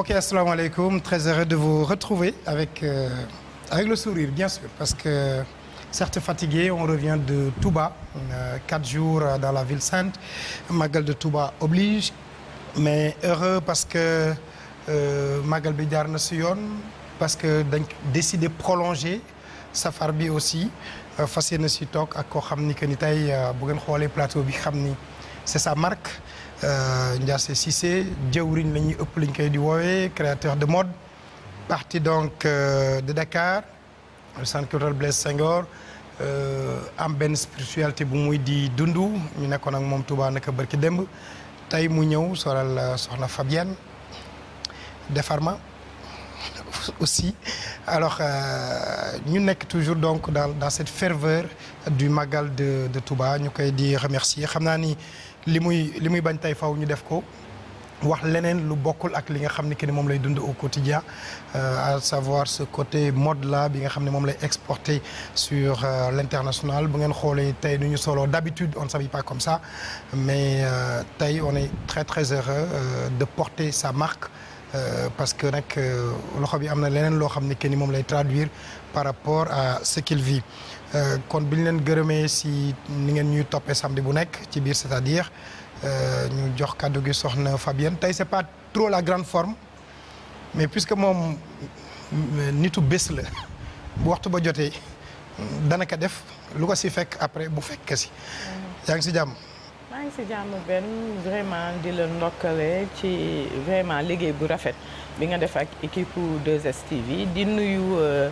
mbokk yi asalaamaaleykum très heureux de vous retrouver avec euh, avec le sourire bien sûr parce que certes fatigué on revient de Touba euh, quatre jours dans la ville sainte Magal de Touba oblige mais heureux parce que euh, Magal bi jaar na si yoon parce que dañ décidé prolonger safar bi aussi euh, fas yéene si toog ak koo xam ni que ni tey euh, bu ngeen xoolee plateau bi xam ni c'est sa marque. Euh, Ndiassé Cissé jëwriñ lañuy ñuy ëpp lañ koy di woowee créateur de mode parti donc euh, de Dakar le centre culturel Blaise Senghor euh, am benn spiritualité bu muy di dundu ñu nekkoon ak moom Touba naka barki démb tey mu ñëw solal soxna Fabienne defar ma aussi alors ñu nekk toujours donc dans dans cette ferveur du magal de de Touba ñu koy di remercier xam naa ni. li muy li muy bañ tey faw ñu def ko wax leneen lu bokkul ak li nga xam ne que ni moom lay dund au quotidien euh, à savoir ce côté mode là bi nga xam ne moom lay exporté sur euh, l'international bu ngeen xoolee tey nu ñu soloo d'habitude on ne s'habille pas comme ça mais euh, tey on est très très heureux de porter sa marque parce que nag loxo bi am na leneen loo xam ne que ni moom lay traduire par rapport à ce qu'il vit Euh, kon bi ñu leen gërëmee si ni ngeen ñuy toppee samedi bu nekk ci biir c'est-à-dire euh, ñu jox kàddu gi soxna Fabienne tey c'est pas trop la grande forme mais que moom euh, nitu bés la bu waxtu ba jotee dana ko def lu ko si fekk après bu fekk si. yaa ngi si jàmm. maa ngi si jàmm benn vraiment di la ndokkale ci vraiment liggéey bu rafet bi nga def ak équipe 2STV di nuyu.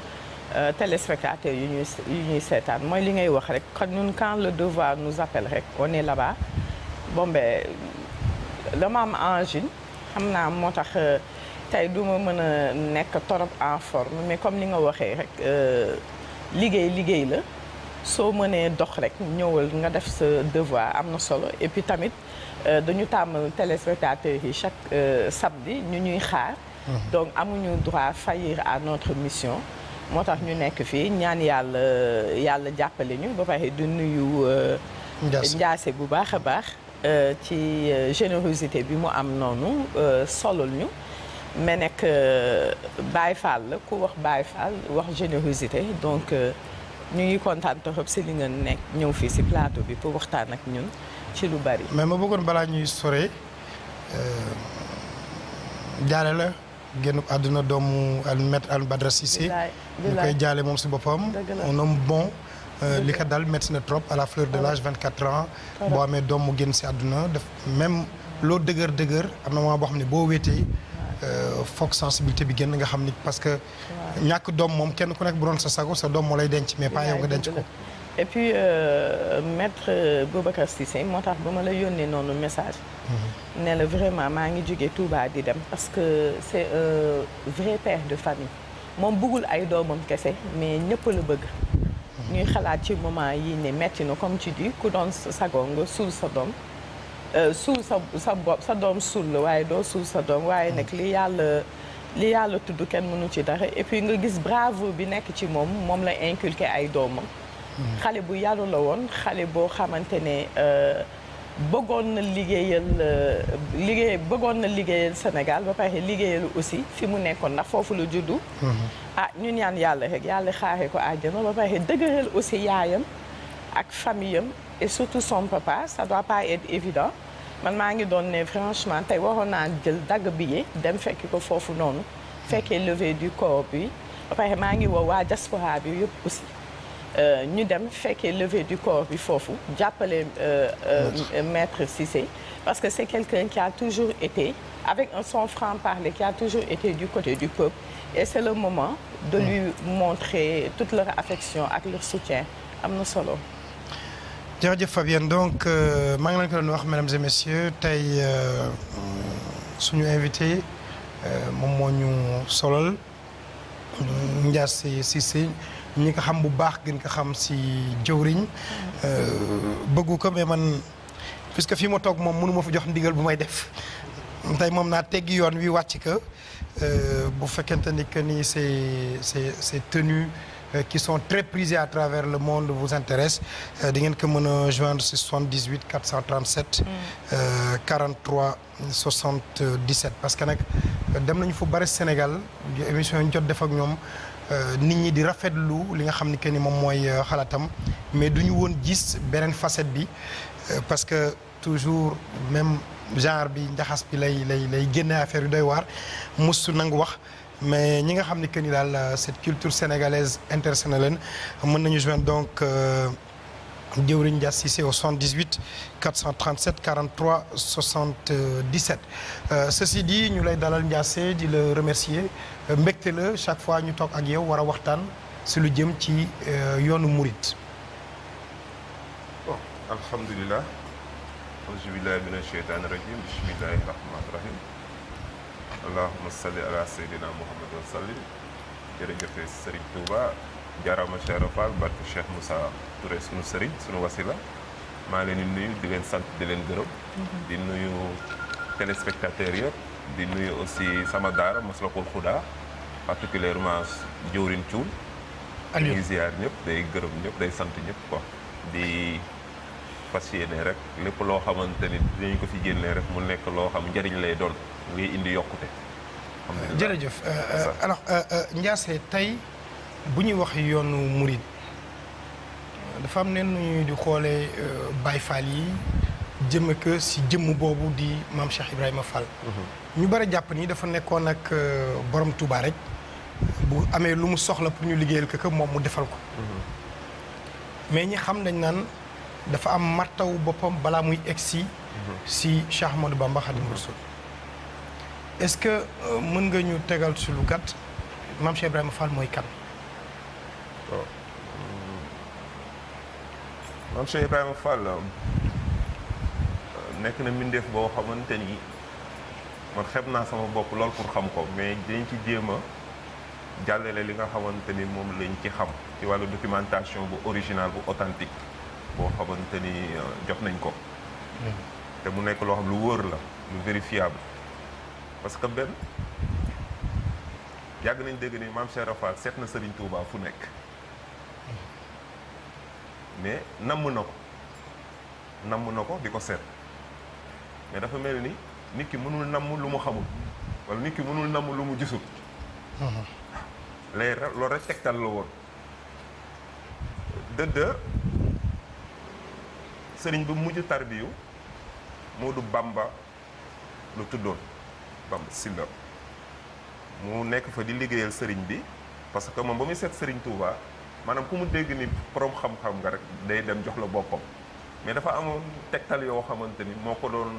Euh, téléspectateurs yu ñuy yu ñuy seetaan mooy li ngay wax rek kon ñun quand le devoir nous appelle rek on est là-bas bon ben dama am angine xam naa moo tax euh, tey du ma mën a nekk torop en forme mais comme li nga waxee rek euh, liggéey liggéey la soo mënee dox rek ñëwal nga def sa devoir am na solo et puis tamit dañu tàmm téléspectateurs yi chaque samedi ñu ñuy xaar mm-hmm. donc amuñu droit faillir à notre mission moo tax ñu nekk fii ñaan yàlla yàlla jàppale ñu ba pare du nuyu. Euh, njaase bu baax a baax. Euh, ci euh, générosité bi mu am noonu solul ñu. mais nekk baay Fall la ku wax Baye Fall wax générosité donc ñu ngi kontaan torop si li nga nekk ñëw fii si plateau bi pour waxtaan ak ñun ci lu bari. mais ma bëggoon balaa ñuy sore jaare la génn àdduna doomu al maître al Badra ñu koy jaale moom si boppam un bon euh, li ko dal métti na trop à la fleur de ah. l'âge vingt quatre ans ah. boo amee doom mu génn si àdduna daf même loo dëgër dëgër am na moment boo xam ne boo wéetee euh, foog sensibilité bi génn nga xam ni parce que ñàkk doom moom kenn ku nekk bu doon sa sago sa doom moo lay denc mais pas yow nga denc ko et puis euh, maître euh, Boubacar moo tax ba ma la yónnee noonu message mm-hmm. ne la vraiment maa ngi jóge Touba di dem parce que c'est un vrai père de famille moom bëggul ay doomam kese mais ñëpp la bëgg ñuy xalaat ci moment yi ne metti na comme ci di ku doon sago nga suul sa doom euh, suul sa sa bopp sa doom suul la waaye doo suul sa doom waaye nag li yàlla li yàlla tudd kenn mënu ci dara et puis nga gis bravoure bi nekk ci moom moom la inculqué ay doomam hmm. xale bu yaru la woon xale boo xamante ne euh, bëggoon na liggéeyal euh, liggéey bëggoon na liggéeyal Sénégal ba pare liggéeyalu aussi fi mu nekkoon ndax foofu la juddu. Mhm. ah ñu ñaan yàlla rek yàlla xaare ko àjjana ba pare dëgëral aussi yaayam ak famille et surtout son papa ça doit pas être évident man maa ngi doon ne franchement tey waroon naa jël dagg billet dem fekki ko foofu noonu fekkee levée du corps bi ba pare maa ngi woo waa diaspora bi yëpp aussi. Euh, ñu dem fekkee levée du corps bi foofu jàppale euh, euh, maître Cissé parce que c'est quelqu'un qui a toujours été avec un son franc-parler qui a toujours été du côté du peuple et c'est le moment de lui montrer toute leur affection ak leur soutien am na solo jërëjëf Fabienne donc maa ngi leen ko doon wax mesdames et messieurs tey suñu invité moom moo ñu solal Ndiass ñi ko xam bu baax gën ko xam si jëwriñ euh, bëggu ko mais man puisque fi ma toog moom mënu ma fa jox ndigal bu may def tey moom naa teggi yoon wi wàcc ko euh, bu fekkente ni que ni c'est c'est c'est tenu euh, qui sont très prisés à travers le monde vous intéresse di ngeen ko mën a joindre si 78 437. 43 77. parce que nag dem nañu fu bari Sénégal émission jot def ak ñoom. Euh, nit ñi di rafetlu li nga xam ni que ni moom mooy euh, xalaatam mais du ñu woon gis beneen facette bi euh, parce que toujours même genre bi njaxas bi lay lay lay génne affaire yu doy waar mustu nangu wax mais ñi nga xam ni que ni daal cette culture sénégalaise intéressé leen mën nañu joindre donc jëwriñ Dia Cissé au 78 437 43 77 ceci dit ñu lay dalal Ndiassé di la remercier mbégte la chaque fois ñu toog ak yow war a waxtaan si lu jëm ci euh, yoonu murit bon alhamdulilah aousubillahi min asheytaani bismillahi rahmaani rahim allahuma salli àlla seydina muhammad wa sallim jërëjëfe sëriñ Touba jaarama Cheikh barke Cheikh Moussa Touré sunu sëriñ sunu wasila maa leen di nuyu di leen sant di leen gërëm mm-hmm. di nuyu téléspectateurs yëpp di nuyu aussi sama daara Maslakul Xuda particulièrement jëwrin Cuun ñu ngi ziar ñëpp day gërëm ñëpp day sant ñëpp ko di fas yéene rek lépp loo xamante ni dinañ ko fi génnee rek mu nekk loo xam njëriñ lay doon luy indi yokkute jërëjëf euh, euh, alors euh, Ndiasse tey bu ñuy wax yoonu murid dafa am neen ñuy di xoolee Baye Fall yi jëme ko si jëmm boobu di maam Cheikh Ibrahima Fall. Mhm. ñu bëri jàpp nii dafa nekkoon ak euh, borom Touba rek bu amee lu mu soxla pour ñu liggéeyal ko ko moom mu defal ko. Mhm. ñi xam dañ naan dafa am martawu boppam balaa muy egsi mhm. si Cheikh Ahmadou Bamba Xaadimu est-ce que euh, mën nga ñu tegal si lu gàtt maam Cheikh Ibrahima Fall mooy nekk na mbindeef boo xamante ni man xeeb naa sama bopp lool pour xam ko mais dañ ci jéem a jàllale li nga xamante ni moom lañ ci xam ci wàllu documentation bu original bu authentique boo xamante ni euh, jox nañ ko. Mm. te mu nekk loo xam lu wóor la lu vérifiable parce que benn yàgg nañ dégg ni maam Cheikh Rafal seet na Serigne Touba fu nekk mm. mais namm na ko namm na ko di ko seet. mais dafa mel ni nit ki mënul namm lu mu xamul wala nit ki mënul namm lu mu gisul lay loolu rek tegtal la woon dëdd sëriñ bi mu mujj tarbiyu Moodu Bamba lu tuddoon Bamba Sylla mu nekk fa di liggéeyal sëriñ bi parce que moom ba muy set sëriñ Touba maanaam ku mu dégg ni borom xam-xam nga rek day dem jox la boppam mais dafa amoon tegtal yoo xamante ni moo ko doon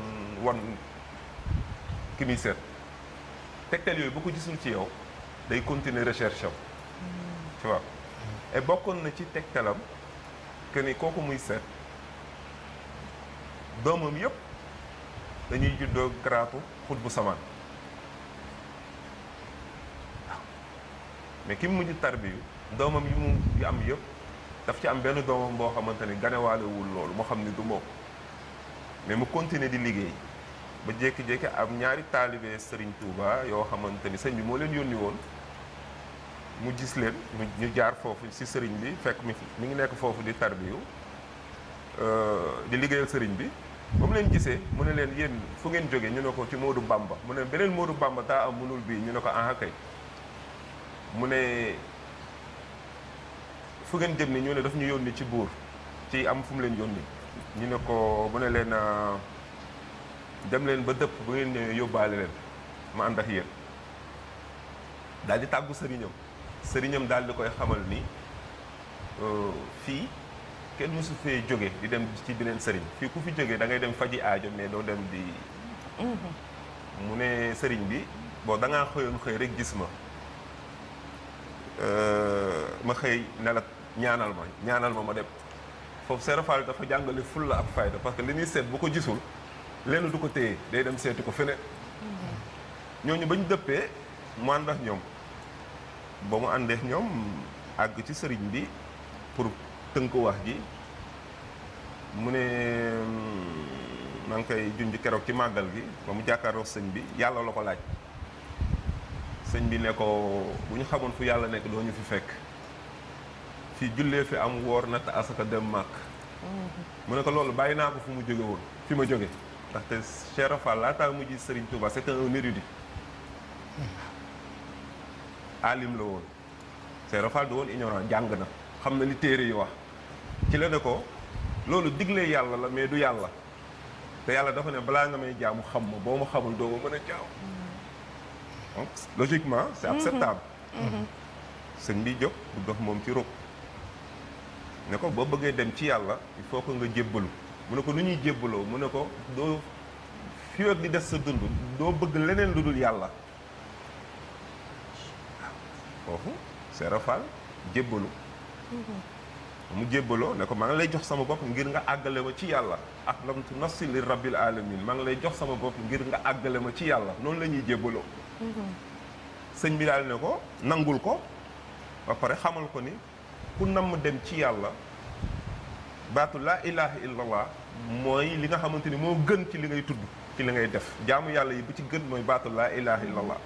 wan ki muy seet tegtal yooyu bu ko gisul ci yow day continuer recherche am tu vois et bokkoon na ci tegtalam que ni kooku muy seet doomam yëpp dañuy juddoo garaatu xut bu samaan mais ki mu mujj tarbiyu doomam yi mu yi am yëpp daf ci am benn doomam boo xamante ni ganewaalewul loolu moo xam ni du moom mais mu continuer di liggéey ba jékki-jékki am ñaari taalibe Serigne Touba yoo xamante ni sëñ bi moo leen yónni woon mu gis leen ñu jaar foofu si sëriñ bi fekk mi mu ngi nekk foofu di tarbiyu euh, di liggéeyal sëriñ bi ba mu leen gisee mu ne leen yéen fu ngeen jógee ñu ne ko ci Modou Bamba mu ne beneen Modou Bamba taa am mënul bii ñu ne ko ah kay mu ne fu ngeen jëm ni ñu ne daf ñu yónni ci buur ci am fu mu leen yónni ñu ne ko bu ne leen ah, dem leen ba dëpp bu ngeen yóbbaale leen ma ànd ak yéen daal tàggu sëriñam sëriñam daal di koy xamal ni ah, fii kenn mësu fee jóge di dem ci beneen sëriñ fii ku fi jóge da ngay dem faji aajo mais doo dem di mm-hmm. mu ne sëriñ bi boo da ngaa xëyoon xëy rek gis ma ah, ma xëy ne ñaanal ma ñaanal ma ma dem foofu Serap Fall dafa jàngale fulla ak fayda parce que li ñuy seet bu ko gisul lenn du ko téye day dem seeti ko feneen. ñooñu ba ñu dëppee mu ànd ak ñoom mu àndeex ñoom àgg ci sëriñ bi pour tënk wax gi mu ne maa ngi koy junj keroog ci màggal gi ba mu jàkkaaroo sëñ bi yàlla la ko laaj sëñ bi ne ko bu ñu xamoon fu yàlla nekk doo ñu fi fekk. ci jullee fi am woor natt asaka dem màkk mu ne ko loolu bàyyi naa ko fu mu jóge woon fi ma jóge ndaxte Cheikh Fall laataa mu ji Serigne Touba c'est un érudit alim la woon Cheikh Fall du woon ignorant jàng na xam na li téere yi wax ci la ne ko loolu diglee yàlla la mais du yàlla te yàlla dafa ne balaa nga may jaamu xam ma boo ma xamul doo ma mën a jaaw donc logiquement c'est mm-hmm. acceptable mm-hmm. sëñ bi jóg bu dox moom ci rukk ne ko boo bëggee dem ci yàlla il faut que nga jébbalu mu ne ko nu ñuy jébbaloo mu ne ko doo fii di des sa dund doo bëgg leneen lu dul yàlla waaw ah, foofu Serap Fall jébbalu mu jébbaloo ne ko maa ngi lay jox sama bopp ngir nga àggale ma ci yàlla ak aslamtu nafsi li rabbil alamin maa ngi lay jox sama bopp ngir nga àggale ma ci yàlla noonu la ñuy jébbaloo mm-hmm. sëñ bi daal ne ko nangul ko ba pare xamal ko ni ku namm dem ci yàlla baatu laa ilaha illallah mooy li nga xamante ni moo gën ci li ngay tudd ci li ngay def jaamu yàlla yi bu ci gën mooy baatu laa ilaha illallah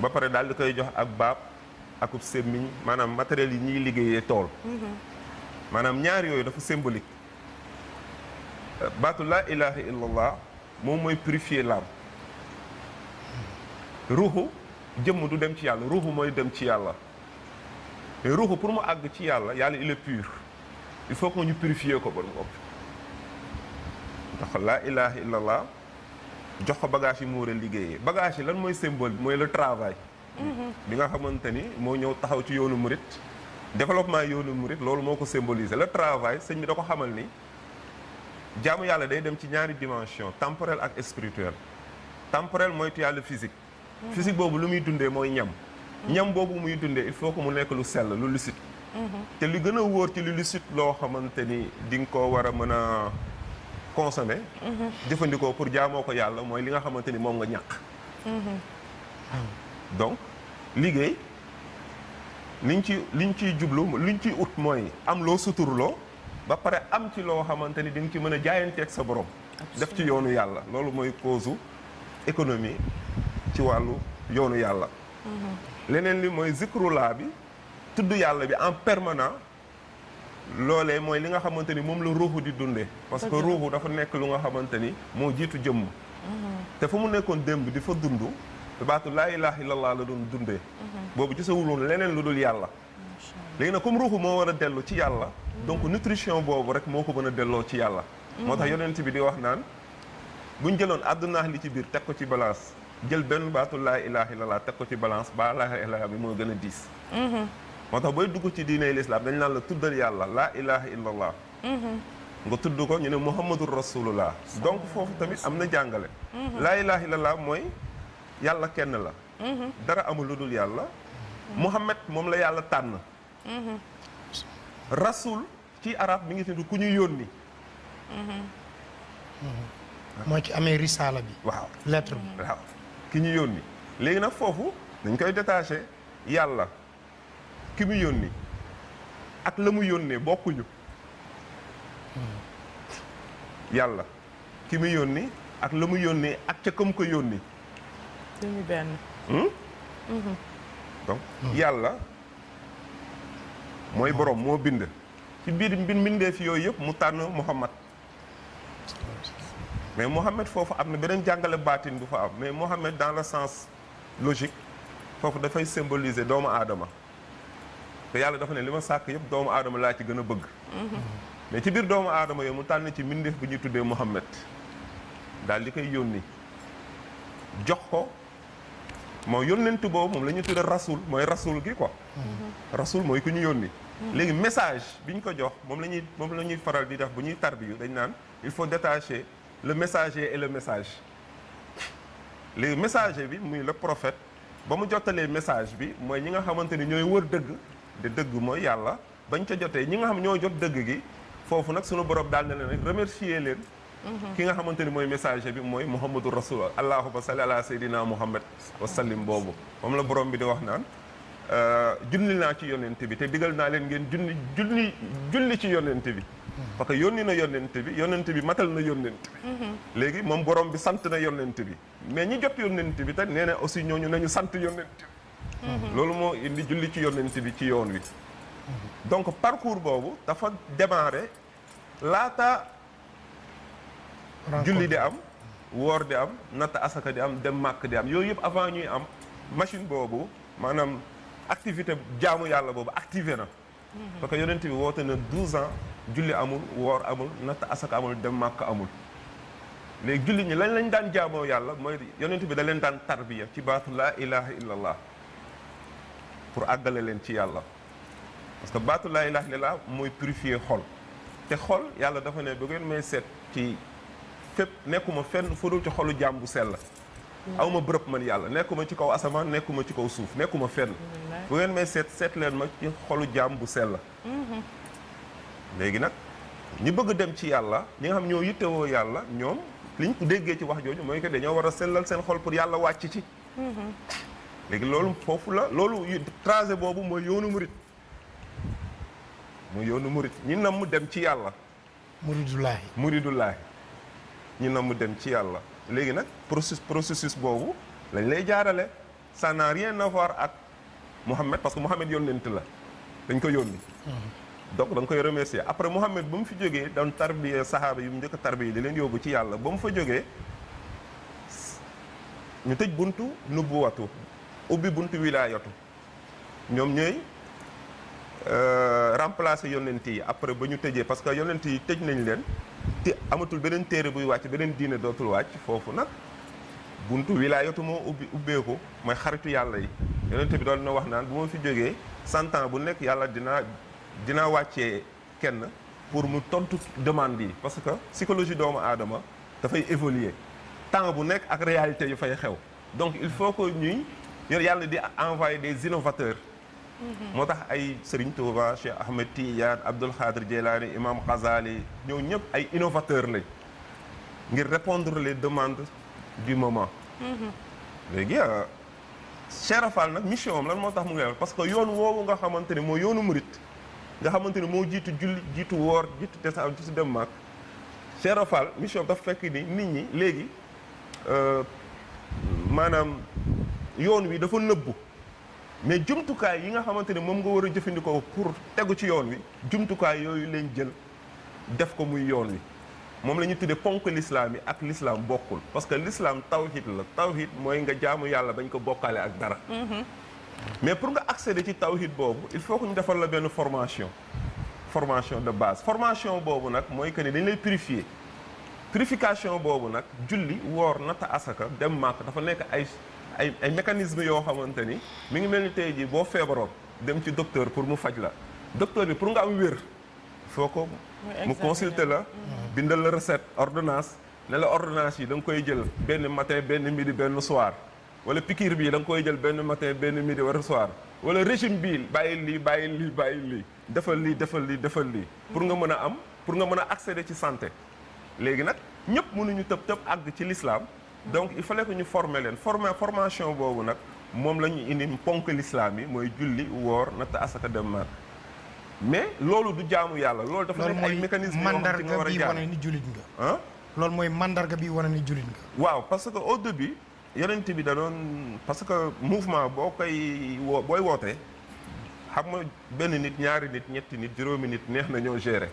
ba pare daal di koy jox ak baab akub semmiñ maanaam matériel yi ñuy liggéeyee tool mm-hmm. maanaam ñaar yooyu dafa symbolique baatu laa ilaha illallah moom mooy purifier l'âme ruuxu jëmm du dem ci yàlla ruuxu mooy dem ci yàlla mais ruuxu pour mu àgg ci yàlla yàlla il est pur il faut que ñu purifier ko ba mu ëpp ndax laa ilaha illallah jox ko bagage yi mu war a liggéeyee bagage yi lan mooy symbole mooy le travail mm-hmm. bi nga xamante ni moo ñëw taxaw ci yoonu murit développement yoonu murit loolu moo ko symboliser la travail sëñ bi da ko xamal ni jaamu yàlla day dem ci ñaari dimension temporelle ak spirituelle temporelle mooy tu as physique mm-hmm. physique boobu lu muy dundee mooy ñam ñam boobu muy dundee il faut que mu nekk lu sell lu lucide mhm. te li gën a wóor ci lu lucide loo xamante ni di nga ko war a mën a consommer mhm. jëfandikoo pour jaamoo ko yàlla mooy li nga xamante ni moom nga ñàkk mhm. donc liggéey liñ ci liñ ciy jublu liñ ciy ut mooy am loo suturloo ba pare am ci loo xamante ni di nga ci mën a jaayanteeg sa borom def ci yoonu yàlla loolu mooy cause économie ci wàllu yoonu yàlla leneen li mooy zikrulaa bi tudd yàlla bi en permanent loolee mooy li nga xamante ni moom la ruuxu di dundee parce que ruuxu dafa nekk lu nga xamante ni moo jiitu jëmm mhm. te fa mu nekkoon démb di fa dund te baatu laa ilaha illallah la doon dundee mhm. boobu gisawuloon leneen lu dul yàlla léegi nag comme ruuxu moo war a dellu ci yàlla mhm. donc nutrition boobu rek moo ko mën a delloo ci yàlla moo tax yonent bi di wax naan buñ jëloon àddunaax li ci biir teg ko ci balance jël benn baatu laa ilaaha illallaah teg ko ci balance ba laa ilaaha illallaah bi moo gën a diis mm-hmm. moo tax booy dugg ci diiney lislaam dañ naan la tuddal yàlla laa ilaaha illallaah mm-hmm. nga tudd ko ñu ne muhammadur laa donc foofu tamit am na jàngale mm-hmm. laa ilaaha illallaah mooy yàlla kenn la dara amul lu dul yàlla muhammad moom la yàlla tànn rasul ci arab mi ngi tudd ku ñu yónni moo ci amee risaala bi waaw ki ñu yónni léegi nag foofu dañ koy détaché yàlla ki mu yónni ak la mu yónnee bokkuñu yàlla ki mu yónni ak la mu yónnee ak ca kam ko yónni duñu benn hmm? mhm. donc yàlla mooy borom moo bind ci biir mbindeef yooyu yëpp mu tànn Muhammad mais Mohamed foofu am na beneen jàngale baatin bu fa am mais Mohamed dans la sens logique foofu dafay symboliser doomu aadama te yàlla dafa ne li ma sàkk yëpp doomu aadama laa ci gën a bëgg. Mm-hmm. mais ci biir doomu aadama yooyu mu tànn ci mbindeef bu ñuy tuddee Mohamed daal di koy yónni jox ko mooy yónnent boobu moom la ñuy tuddee rasul mooy rasul gi ko mm-hmm. rasul mooy ku ñu yónni. Mm-hmm. léegi message bi ñu ko jox moom la ñuy moom la ñuy faral di def bu ñuy tarbiyu dañ naan il faut détacher. le messager et le message léegi messager bi muy la profet ba mu jottalee message bi mooy ñi nga xamante ni ñooy wër dëgg de dëgg mooy yàlla bañ ca jotee ñi nga xam ñoo jot dëgg gi foofu nag sunu borom daal na leen rek leen mhm. ki nga xamante ni mooy messager bi mooy muhammadu rasulullah allahuma salli ba sayyidina muhammad wa sallim boobu moom la borom bi di wax naan euh, julli naa ci yonent bi te digal naa leen ngeen junni julli julli ci yonent bi parce que yónni na yónnent bi yónnent bi matal na yónnent bi mhm. léegi moom borom bi sant na yónnent bi mais ñi jot yónnent bi te nee na aussi ñooñu nañu sant yónnent bi mhm. loolu moo indi julli ci yónnent bi ci yoon wi donc parcours boobu dafa démarrer laata julli di am woor di am natt asaka di am dem màkk di am yooyu yëpp avant ñuy am machine boobu maanaam activité jaamu yàlla boobu activé na mhm. parce que yónnent bi woote na douze ans julli amul woor amul natt asaka amul dem màkk amul léegi julli ñi lañ lañ daan jaamoo yàlla mooy yonent bi da leen daan tarbiya ci baatu laa ilaha illallah pour àggale leen ci yàlla parce que baatu laa ilaha illallah mooy purifier xol te xol yàlla dafa ne ba ngeen may seet ci fépp nekkuma fenn fu dul ci xolu jaam bu sell awma bërëb man yàlla nekkuma ci kaw asamaan nekkuma ci kaw suuf nekkuma fenn bu ngeen may seet seet leen ma ci xolu jaam bu sell mm-hmm. léegi nag ñi bëgg dem ci yàlla ñi nga xam ñoo yittewoo yàlla ñoom liñ ko déggee ci wax jooju mooy que dañoo war a sellal seen xol pour yàlla wàcc ci. Mm-hmm. léegi loolu foofu la loolu tracé boobu mooy yoonu murit mooy yoonu murit ñi namm dem ci yàlla. muridullaahi muridullaahi ñi namm dem ci yàlla léegi nag processus processus boobu lañ lay jaarale ça n'a rien à voir ak Mouhamed parce que Mouhamed yónnent la dañ ko yónni. Mm-hmm. donc da nga koy remercier après Mouhamed ba mu fi jógee doon tarbiye saxaaba yi mu njëkk a tarbiye di leen yóbbu ci yàlla ba mu fa jógee ñu tëj buntu nubuwatu ubbi buntu wilaayatu ñoom ñooy euh, remplacer yonent yi après ba ñu tëjee parce que yonent yi tëj nañ leen te amatul beneen téere buy wàcc beneen diine dootul wàcc foofu nag buntu wilaayatu moo ubbi ubbeeku mooy xaritu yàlla yi yonent bi doon na wax naan bu ma fi jógee cent bu nekk yàlla dinaa dinaa wàccee kenn pour mu tontu demande yi parce que psychologie doomu aadama dafay évoluer temps bu nekk ak réalité yu fay xew donc il faut que ñuy yàlla di envoyé des innovateurs mhm. moo tax ay Serigne Touba Cheikh Ahmed Tidiane Abdoul Khadir Jelaani Imam Ghazali ñëw ñëpp ay innovateurs lañ ngir répondre les demande du moment mhm. léegi euh, Cheikh Rafal nag mission am lan moo tax mu ngi parce que yoon woowu nga xamante ni mooy yoonu murit nga xamante ni moo jiitu julli jiitu woor jiitu tesaaw jiitu dem maak Cheikh Fall mission dafa fekk ni nit ñi léegi euh, maanaam yoon wi dafa nëbbu mais jumtukaay yi nga xamante ni moom nga war a jëfandikoo pour tegu ci yoon wi jumtukaay yooyu leen jël def ko muy yoon wi moom la ñu tuddee ponk lislaam yi ak lislaam bokkul parce que lislaam tawhid la tawhid mooy nga jaamu yàlla bañ ko bokkaale ak dara mm-hmm. mais pour nga accéder ci tawhid boobu il faut que ñu defal la benn formation formation de base formation boobu nag mooy que ni dañu lay purifier purification boobu nag julli woor natta asaka dem màkk dafa nekk ay ay ay mécanisme yoo xamante ni mi ngi mel ni tey jii boo feebaroon dem ci docteur pour mu faj la docteur bi pour nga am wér foo ko mu consulter la mm-hmm. bindal la recette ordonnance ne la ordonnance yi danga koy jël benn matin benn midi benn soir wala piqûre bii da nga koy jël benn matin benn midi wala soir wala régime bii bàyyi lii bàyyi lii bàyyi lii defal lii defal lii defal lii pour nga mën a am pour nga mën a accéder ci sante léegi nag ñëpp mënuñu tëb tëb àgg ci lislaam donc il fallait que ñu former leen former formation boobu nag moom la ñu indi ponk lislaam yi mooy julli woor natt asaka dem ma mais loolu du jaamu yàlla loolu dafa nekk ay mécanisme yoo xam ne nga war a jaar loolu mooy mandarga bi wane ni jullit nga ah mooy mandarga bi wane ni jullit yonent bi da parce que mouvement boo koy woo booy wootee xam nga benn nit ñaari nit ñetti nit juróomi nit neex na ñoo gérer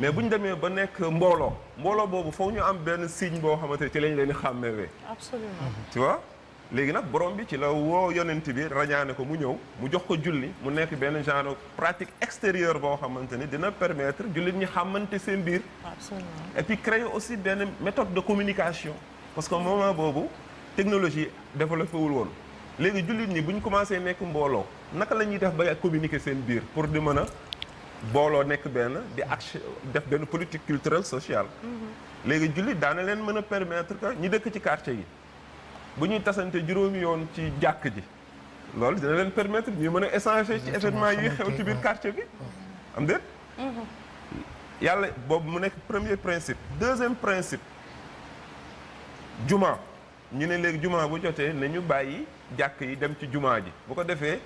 mais bu ñu demee ba nekk mbooloo mbooloo boobu foog ñu am benn signe boo xamante ci lañ leen di xàmmewee. absolument mm-hmm. tu vois. léegi nag borom bi ci la woo yonent bi rañaane ko mu ñëw mu jox ko julli mu nekk benn genre pratique extérieure boo xamante ni dina permettre jullit ñi xamante seen biir. absolument créer aussi benn méthode de communication parce que moment boobu. technologie développé wul woon léegi jullit ñi bu ñu commencé nekk mbooloo naka lañuy def ba communiquer seen biir pour di mën a booloo nekk benn di action def benn politique culturel social mm-hmm. léegi jullit daana leen mën a permettre que ñi dëkk ci karte yi bu ñuy tasante juróomi yoon ci jàkk ji loolu dina leen permettre ñuy mën a échanger ci événement yi xew ci biir quartier bi am déet mm-hmm. yàlla boobu mu nekk premier principe deuxième principe juma ñu ne léegi jumaa bu jotee nañu bàyyi jàkk yi dem ci jumaa ji bu ko defee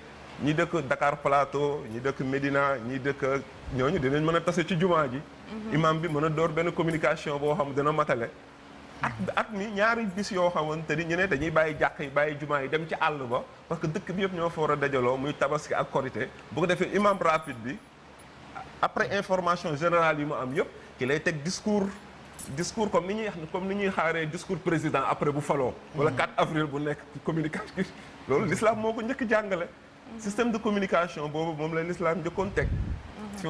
ñi dëkk Dakar Plateau ñi dëkk Médina ñi dëkk ñooñu dinañ mën a tase ci jumaa ji mhm. imam bi mën a door benn communication boo xam dina matale at at mi ñaari bis yoo te ni ñu ne dañuy bàyyi jàkk yi bàyyi jumaa yi dem ci àll ba parce que dëkk bi yëpp ñoo fa a dajaloo muy tabaski ak korité boo ko defee imam rapide bi après information générale yi mu am yëpp ki lay teg discours discours comme ni ñuy ni comme ni ñuy xaaree discours président après bu faloo wala 4 mm. avril bu nekk communication loolu l'islam moo ko njëkk jàngale mm. système de communication boobu moom la l'islam njëkkoon teg mm-hmm. tu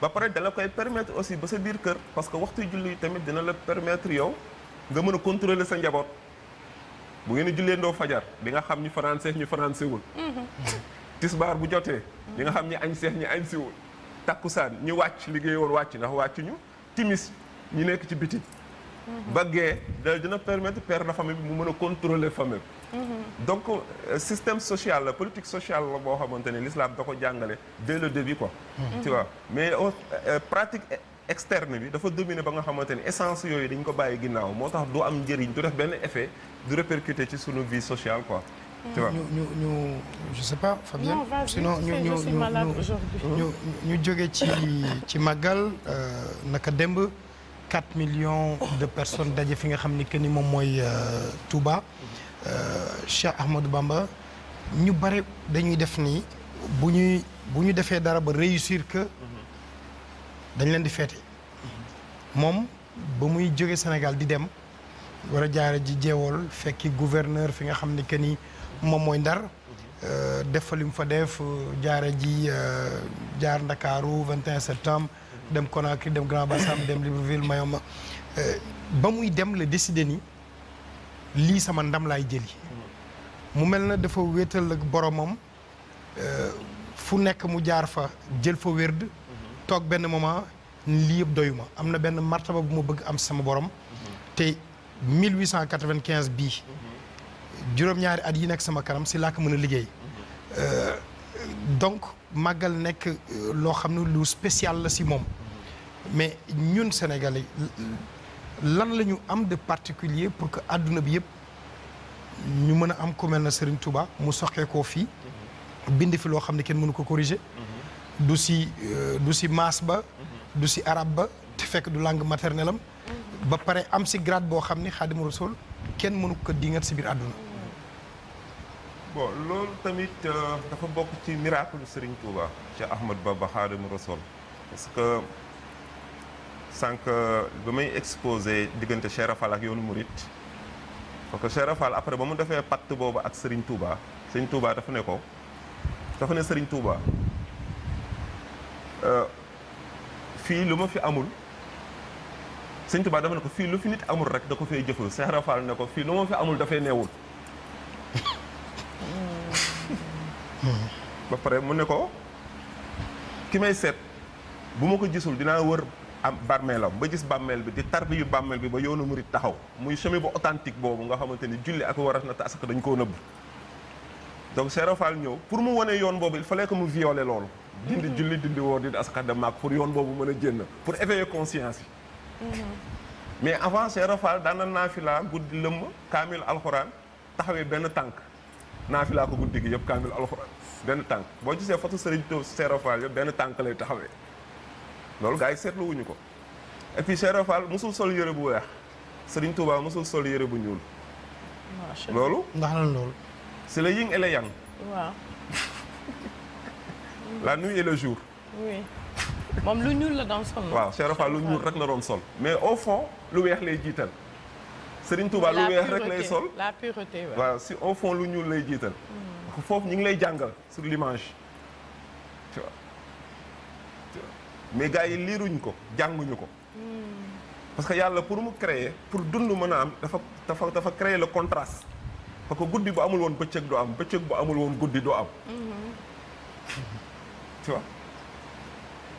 ba pare dala koy permettre aussi ba sa biir kër parce que waxtu julli yi tamit dina la permettre yow nga mën a contrôler sa njaboot bu ngeen a jullee ndoo fajar bi nga xam ñi français ñi français wul mm-hmm. tisbaar bu jotee di nga xam ñi añ seex ñi añ siwul takkusaan ñi wàcc liggéey woon wàcc ndax wàcc ñu timis ñu nekk ci biti. Mhm. baggee da dina permettre père de famille bi mu mën a contrôler famille mhm. donc euh, système social la politique sociale la boo xamante ne l'islam da ko jàngale dès le début quoi mhm. tu mais euh, pratique externe bi dafa dominer ba nga xamante ne essence yooyu dañ ko bàyyi ginnaaw moo tax du am njëriñ du def benn effet du répercuter ci sunu vie sociale quoi ñu ñu ñu je sais pas Fabien sinon ñu ñu ñu ñu jóge ci ci màggal euh, naka démb 4 millions de personnes daje fi nga xam ni que ni moom mooy euh, Touba euh, Cheikh Ahmadou Bamba ñu bare dañuy def nii bu ñuy bu ñu defee dara ba réussir que dañ leen di feete moom ba muy jóge Sénégal di dem war a jaare ji jeewool fekki gouverneur fi nga xam ni que ni moom mooy Ndar euh, def fa li mu fa def jaare ji jaar Ndakaaru 21 septembre dem Conakry dem Grand Bassam dem Libreville Mayomba euh, ba muy dem la décidé ni lii sama ndam laay jëli mu mel na dafa wéetal ak boromam euh, fu nekk mu jaar fa jël fa wérd toog benn moment lii yëpp doyuma am na benn martaba bu ma bëgg am sama borom te 1895 bii juróom-ñaari at yi nekk sama kanam si laa ko mën a liggéey euh, donc màggal nekk euh, loo xam ne lu spéciale la si moom mais ñun Sénégalais lan lañu am de particulier pour que àdduna bi yëpp ñu mën a am ku mel na Serigne Touba mu soqee koo fii bind fi loo xam ne kenn mënu ko corriger mhm. du si euh, du si maas ba mhm. du si arab ba te fekk du langue maternelle am ba pare am si grade boo xam ne Xaadimu Rasuul kenn mënu ko dingat si biir àdduna bon loolu tamit euh, dafa bokk ci miracle Serigne Touba Cheikh Ahmad Bamba Khadimu Rasul parce que sànq ba may exposé diggante Cheikh Rafal ak yoonu Mouride parce que Cheikh Rafal après ba mu defee pacte boobu ak Serigne Touba Serigne Touba dafa ne ko dafa ne sëriñ Touba euh, fii lu ma fi amul. Serigne Touba dafa ne ko fii lu fi nit amul rek da ko fay jëfal Cheikh ne ko fii lu ma fi amul dafay neewul. ba pare mu ne ko ki may seet bu ma ko gisul dinaa wër am bàmmeelam ba gis bàmmeel bi di tarbi yu bàmmeel bi ba yoonu murit taxaw muy chemin bu authentique boobu nga xamante ni julli ak waras a te asaka dañ koo nëbb donc Cheikh Fall ñëw pour mu wane yoon boobu il fa que mu violer loolu dindi julli dindi woor dindi asaka dem maak pour yoon boobu mën a génn pour éveiller conscience yi mm-hmm. mais avant Cheikh Fall daan naa fi laa guddi lëmm kaamil alxuraan taxawee benn tànk naa fi laa ko guddi gi yëpp kaamil alxuraan benn tànk boo gisee foto sëriñ Tuuba Seero Faal yëpp benn tànk lay taxawee loolu gars yi seetlu wuñu ko et puis Faal mosul sol yére bu weex sëriñ Tuuba mosul sol yére bu ñuul. loolu. ndax lan loolu. c'est le yin et le yang. waaw. la nuit et jour. oui moom lu ñuul la doon sol. waaw Seero Faal lu ñuul rek la doon sol. mais au fond lu weex lay jiital. Serigne Touba lu weex rek lay sol la pureté waaw si au fond lu ñuul lay jiital hmm. foofu ñu ngi lay jàngal sur limange mais gars yi liiruñ ko jànguñu ko hmm. parce que yàlla pour mu créer pour dund mën a am dafa dafa dafa créer le contraste parce que guddi bu amul woon bëccëg doo am bëccëg bu amul woon guddi doo am hmm.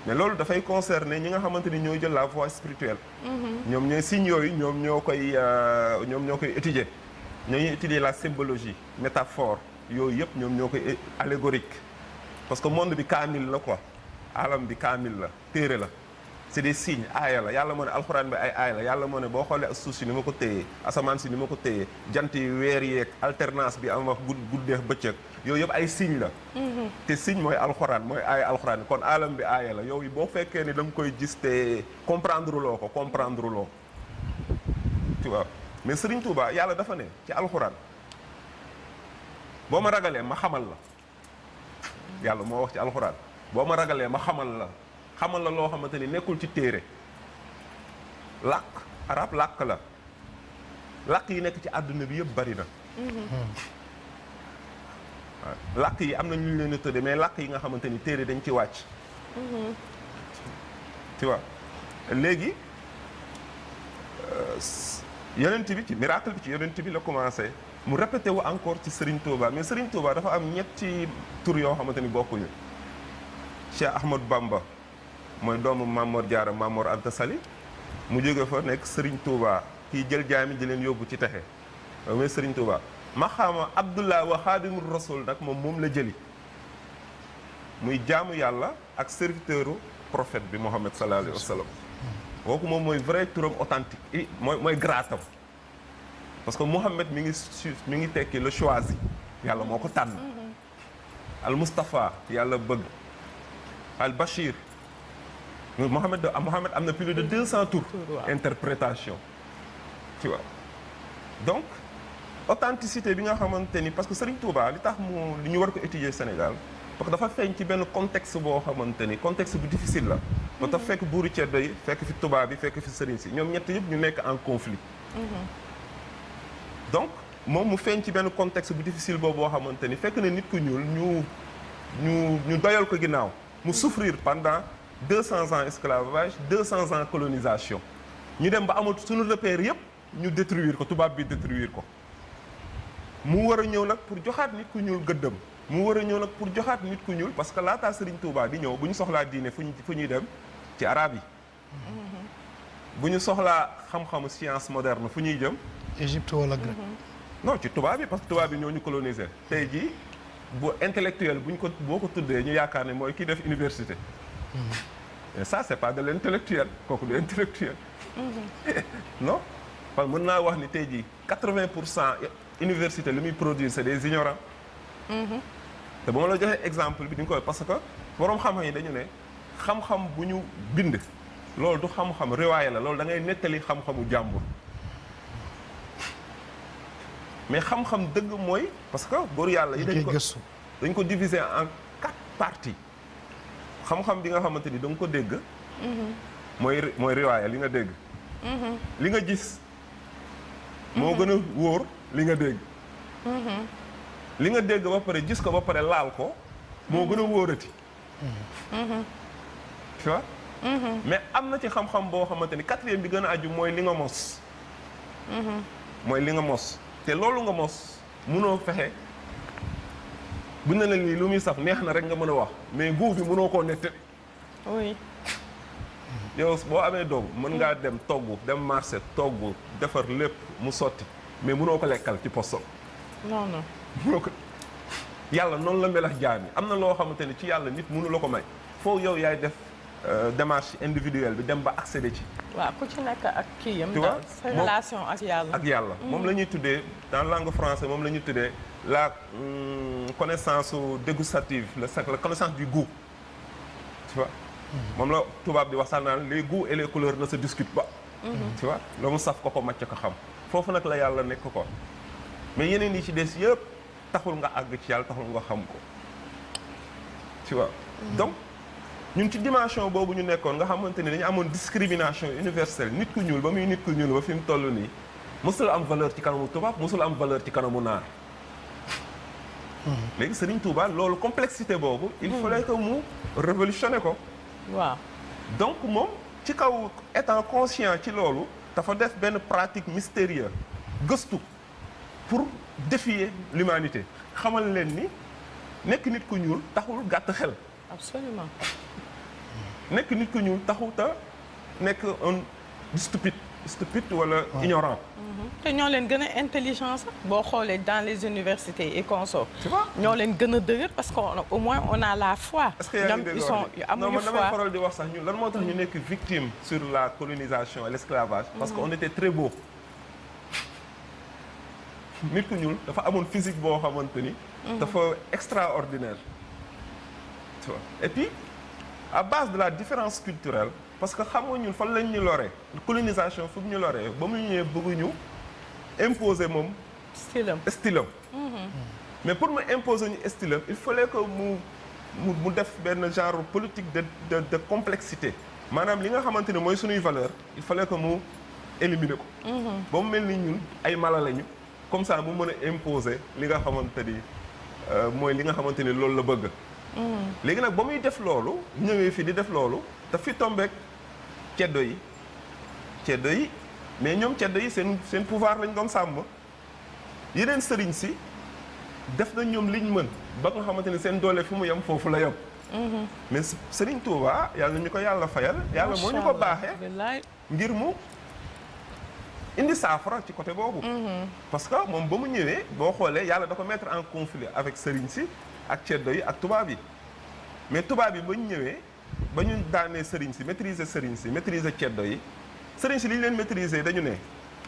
mais loolu dafay concerner ñi nga xamante ni ñooy jël la voie spirituelle. ñoom ñooy signes yooyu ñoom ñoo koy euh, ñoom ñoo koy étudier. ñooñuy étudier la symbologie métaphore yooyu yëpp ñoom ñoo koy allégorique parce que monde bi kaamil la quoi alam bi kaamil la téere la. c'est des signes aaya la yàlla moo ne alxuraan bi ay aaya la yàlla moo ne boo xoolee suuf si ni ma ko téyee asamaan si nu ma ko téyee jant yi weer yeeg alternance bi am wax gudd guddeex bëccëg yow yëpp ay signe la mm-hmm. te signe mooy alxuraan mooy aaya alxuraan kon alam bi aaya la yow boo fekkee ni da koy gis te comprendre loo ko comprendre loo tu vois mais Serigne Touba yàlla dafa ne ci alxuraan boo ma ragalee ma xamal la yàlla moo wax ci alxuraan boo ma ragalee ma xamal la xamal la loo xamante ni nekkul ci téere làkk arab làkk la làkk yi nekk ci àdduna bi yëpp bari na mm-hmm. làkk yi am na ñu leen a tëddee mais làkk yi nga xamante ni téere dañu ci wàcc mm-hmm. tu léegi euh, yonent bi ci miracle bi ci yonent bi la commencé mu répété wu encore ci Serigne Touba mais Serigne Touba dafa am ñetti tur yoo xamante ni bokkuñu Cheikh Ahmadou Bamba mooy doomu Mamor Diarra Mamor Anta Sali mu jóge fa nekk Serigne Touba kii jël jaami di leen yóbbu ci texe mooy Serigne Touba maxaama Abdullah wa Xaadimu Rasul nag moom moom la jëli muy jaamu yàlla ak serviteur profet bi Mohammed sallallahu alayhi wa sallam kooku moom mooy vrai turam authentique i mooy mooy graatam parce que Mohammed mi ngi su mi ngi tekki le choisi yàlla moo ko tànn mm-hmm. al Moustapha yàlla bëgg al Bachir Mohamed de Mohamed am na plus de 200 tours. Wow. interprétation tu vois donc authenticité bi nga xamante ni parce que Serigne Touba li tax mu li ñu war ko étudier Sénégal parce que dafa feeñ ci benn contexte boo xamante ni contexte bu difficile la. ba tax fekk buur ceddo yi fekk fi tubaab yi fekk fi Serigne si ñoom ñett yëpp ñu nekk en conflit. Mhm. donc moom mu feeñ ci benn contexte bu difficile boobu boo xamante ni fekk na nit ku ñuul ñu ñu ñu doyal ko ginnaaw mu mhm. souffrir pendant. deux cent ans esclavage deux cent ans colonisation ñu dem ba amatu suñu repère yëpp ñu détruire ko tubaab bi détruire ko mu war a ñëw nag pour joxaat nit ku ñuul gëddëm mu war a ñëw nag pour joxaat nit ku ñuul parce que laataa Serigne Touba di ñëw bu ñu soxlaa diine fu ñu ñuy dem ci araab yi mm-hmm. bu ñu soxlaa xam-xamu science moderne fu ñuy jëm Égypte wala Grèce mm-hmm. non ci tubaab yi parce que tubaab yi ñoo ñu colonisé tey jii bu intellectuel buñ ko boo ko tuddee ñu yaakaar ne mooy kii def université Mm-hmm. et ça c'est pas de l'intellectuel kooku du intellectuel mm-hmm. non parce que mën naa wax ni tey jii quatre-vingt pour cent université li muy produire c'est des ignorants mm-hmm. te ba ma la joxee exemple bi di koy parce que boroom xam-xam yi dañu ne xam-xam bu ñu bind loolu du xam-xam riwaaye la loolu da ngay nettali xam-xamu jàmbur mais xam-xam dëgg mooy parce que góor yàlla yi dañ ko dañ ko diviser en quatre parties xam-xam bi nga xamante ni da ko dégg. Mhm. mooy mooy riwaaya li nga dégg. Mhm. li nga gis. moo mhm. gën a wóor li nga dégg. li nga dégg ba pare gis ko ba pare laal ko moo gën a wóorati. tu mais am na ci xam-xam boo xamante ni quatrième bi gën a aju mooy li nga mos. mooy li nga mos te loolu nga mos munoo fexe. bu ne la lii lu muy saf neex na rek nga mën a wax mais guuf bi mënoo koo nette oui. yow boo amee doom mën ngaa dem togg dem marché togg defar lépp mu sotti mais mënoo ko lekkal ci postal non non. yàlla noonu la melax jaam yi am na loo xamante ni ci yàlla nit mënula ko may foofu yow yaay def Euh, démarche individuelle bi dem ba accéder ci. waaw ku ci nekk ak kii yam. tu vois sa relation ak yàlla. ak yàlla mm. moom la ñuy tuddee dans langue française moom la ñuy tuddee la connaissance dégustative la sax la connaissance du goût tu vois. Mm-hmm. moom la tubaab bi wax sax naan les goûts et les couleurs ne se discutent pas. Mm-hmm. tu vois la mu saf ko ko màcc ko xam. foofu nag la yàlla nekk ko mais yeneen yi ci des yëpp taxul nga àgg ci yàlla taxul nga xam ko tu ñun ci dimension boobu ñu nekkoon nga xamante ni dañu amoon discrimination universelle nit ku ñuul ba muy nit ku ñuul ba fi mu toll nii mosul am valeur ci kanamu tubaab mosul am valeur ci kanamu naar. Hmm. léegi Serigne Touba loolu complexité boobu. il hmm. fallait que mu révolutionné ko. waaw donc moom ci kaw étant conscient ci loolu. dafa def benn pratique mystérieuse gëstu pour défier l'humanité xamal leen ni nekk nit ku ñuul taxul gàtt xel. absolument. nekk nit ku ñuul taxut nekk un stupide stupide wala ignorant. Mhm. te ñoo leen gën a intelligence boo xoolee dans les universités et consorts. ñoo leen gën a dëgër parce que au moins on a la foi. est-ce que yaa ngi dégg non wax sax ñun lan moo tax ñu nekk victime sur la colonisation et l'esclavage. parce que mhm. on était très beau. nit ku ñuul dafa amoon physique boo xamante ni. Mhm. dafa extraordinaire. tu et puis. à base de la différence culturelle parce que xamoo ñun fan lañ ñu loree colonisation fu ñu loree ba mu ñëwee bëgguñu imposer moom. stylam stylam. Mhm. mais pour mu imposer ñu stylam il fallait que mu mu mu def benn genre politique de de complexité maanaam li nga xamante ne mooy suñuy valeur il fallait ko mu éliminer ko. Mhm. ba mu mel ni ñun ay mala lañu comme ça mu mën a imposer li nga xamante ni euh, mooy li nga xamante ni loolu la bëgg. Mm. léegi nag ba muy def loolu ñëwee fi di def loolu daf fi tombeek ceddo yi ceddo yi mais ñoom ceddo yi seen seen pouvoir lañ doon sàmm yeneen sëriñ si def na ñoom liñ mën ba nga xamante ni seen doole fi mu yem foofu la yem. Mm-hmm. mais sëriñ Touba yàlla ñu ko yàlla fayal. yàlla moo ñu ko baaxee ngir mu indi saafara ci côté boobu. Mm-hmm. parce que moom ba mu ñëwee boo xoolee yàlla da ko mettre en conflit avec sëriñ si. ak ceddo yi ak tubaab yi mais tubaab yi ba ñu ñëwee ba ñu daanee sëriñ si maîtriser sëriñ si maîtriser ceddo yi sëriñ si li ñu leen maîtriser dañu ne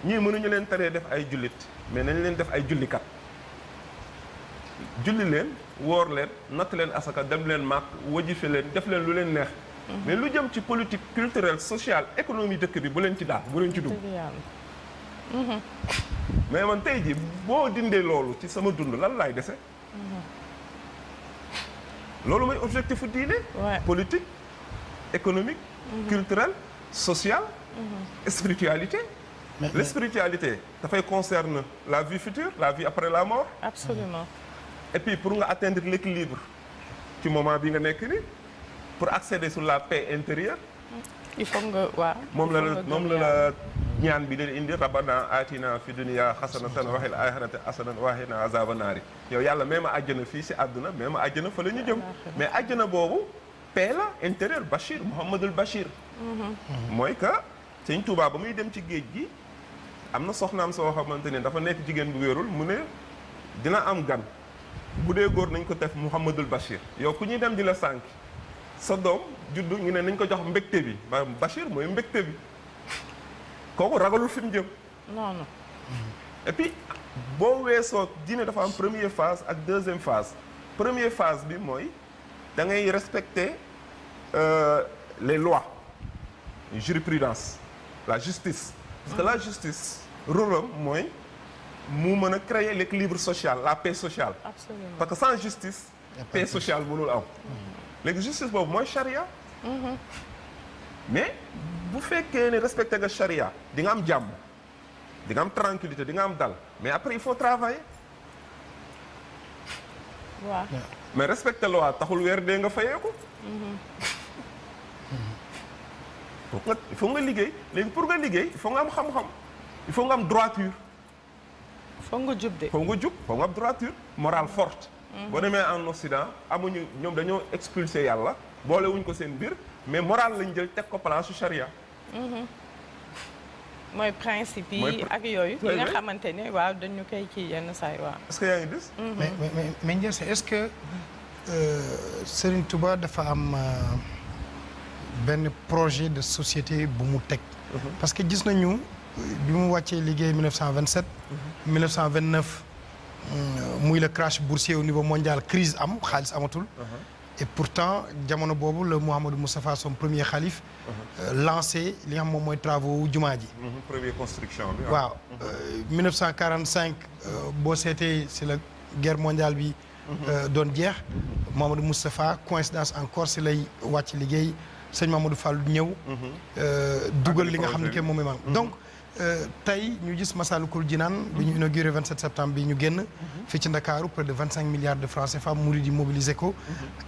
ñii mënuñu leen taree def ay jullit mais nañu leen def ay jullikat julli leen woor leen natt leen asaka dem leen màkk wajife leen def leen lu leen neex mhm. mais lu jëm ci politique culturelle social économie dëkk bi bu leen ci daal bu leen ci dugg mais man tey ji boo dindee loolu ci sama dund lan laay dese mhm. loolu mooy objectif diine politique économique mm-hmm. culturel social mm-hmm. spiritualité la spiritualité dafay concerne la vie future la vie après la mort absolument mm-hmm. et puis pour nga atteindre l'équilibre ci moment bi nga nekk ni pour accéder sur la paix intérieure il faut nga waaw moom la moom la la ñaan bi leen indi rabbana atina fi dunya xasanatan wa fil axirati xasanatan wa qina na naari yow yàlla même àjjana fii si àdduna même àjjana fa la ñu jëm mais àjjana boobu paix la intérieur Bachir Mouhamadul Bachir mm-hmm. mooy que sëñ Touba ba muy dem ci géej gi am na soxnaam soo xamante ne dafa nekk jigéen bu wérul mu ne dina am gan bu dee góor nañ ko def Mouhamadul Bachir yow ku ñuy dem di la sànk sa doom juddu ñu ne nañ ko jox mbégte bi ba Bachir mooy mbegte bi kooku ragalul fi mu jëm. non non. et puis boo weesoo diine dafa am premier phase ak deuxième phase premier phase bi mooy da ngay respecter euh, les lois jurisprudence la justice. parce que la mm-hmm. justice rôle mooy mu mën a créer l'équilibre social la paix sociale. Absolument. parce que sans justice. paix sociale mënul am. Mm-hmm. léegi justice boobu mooy charia. Mm-hmm. mais. bu fekkee ne respecté nga charia di nga am jàmm dinga am tranquillité di nga am dal mais après il faut travailler. waaw mais respecté loi taxul weer dee nga fayee ko. pour nga il liggéey léegi pour nga liggéey il faut nga am xam-xam il faut nga am droiture. foog nga jub de. foog nga jub foog nga am droiture morale forte. Mm-hmm. boo demee en Occident amuñu ñoom dañoo expulsé yàlla boolewuñ ko seen biir. mais moral lañ jël teg ko plan su charia. Mhm. mooy principe yi ak yooyu. yi nga xamante ne waaw dañu koy kii yenn saa yi waaw. est-ce que yaa ngi gis. Mhm. mais mais mais Ndiaye est-ce euh, euh, benn projet de société bu mu teg. Mhm. parce que gis nañu euh, bi mu wàccee liggéey 1927. 1929 muy le crash boursier au niveau mondial crise am xaalis amatul. et pourtant jamono boobu la Mouhamadou Moustapha son premier xalif. Euh, lancé li nga xam moom mooy travaux jumaa ji. Mhm, première construction bi ah. waaw. 1945 mhm. euh, euh, boo seetee si la guerre mondiale bi. Mhm. doon jeex. Mouhamadou Moustapha coïncidence encore si lay wàcc liggéey sëñ Mamadou Fall ñëw. dugal li nga xam ne moom mooy donc. Euh, tey ñu gis Massalikul Jinaan bi ñu inauguré 27 septembre bi ñu génn fii ci Ndakaaru près de 25 milliards de francs CFA murid yi mobilisé ko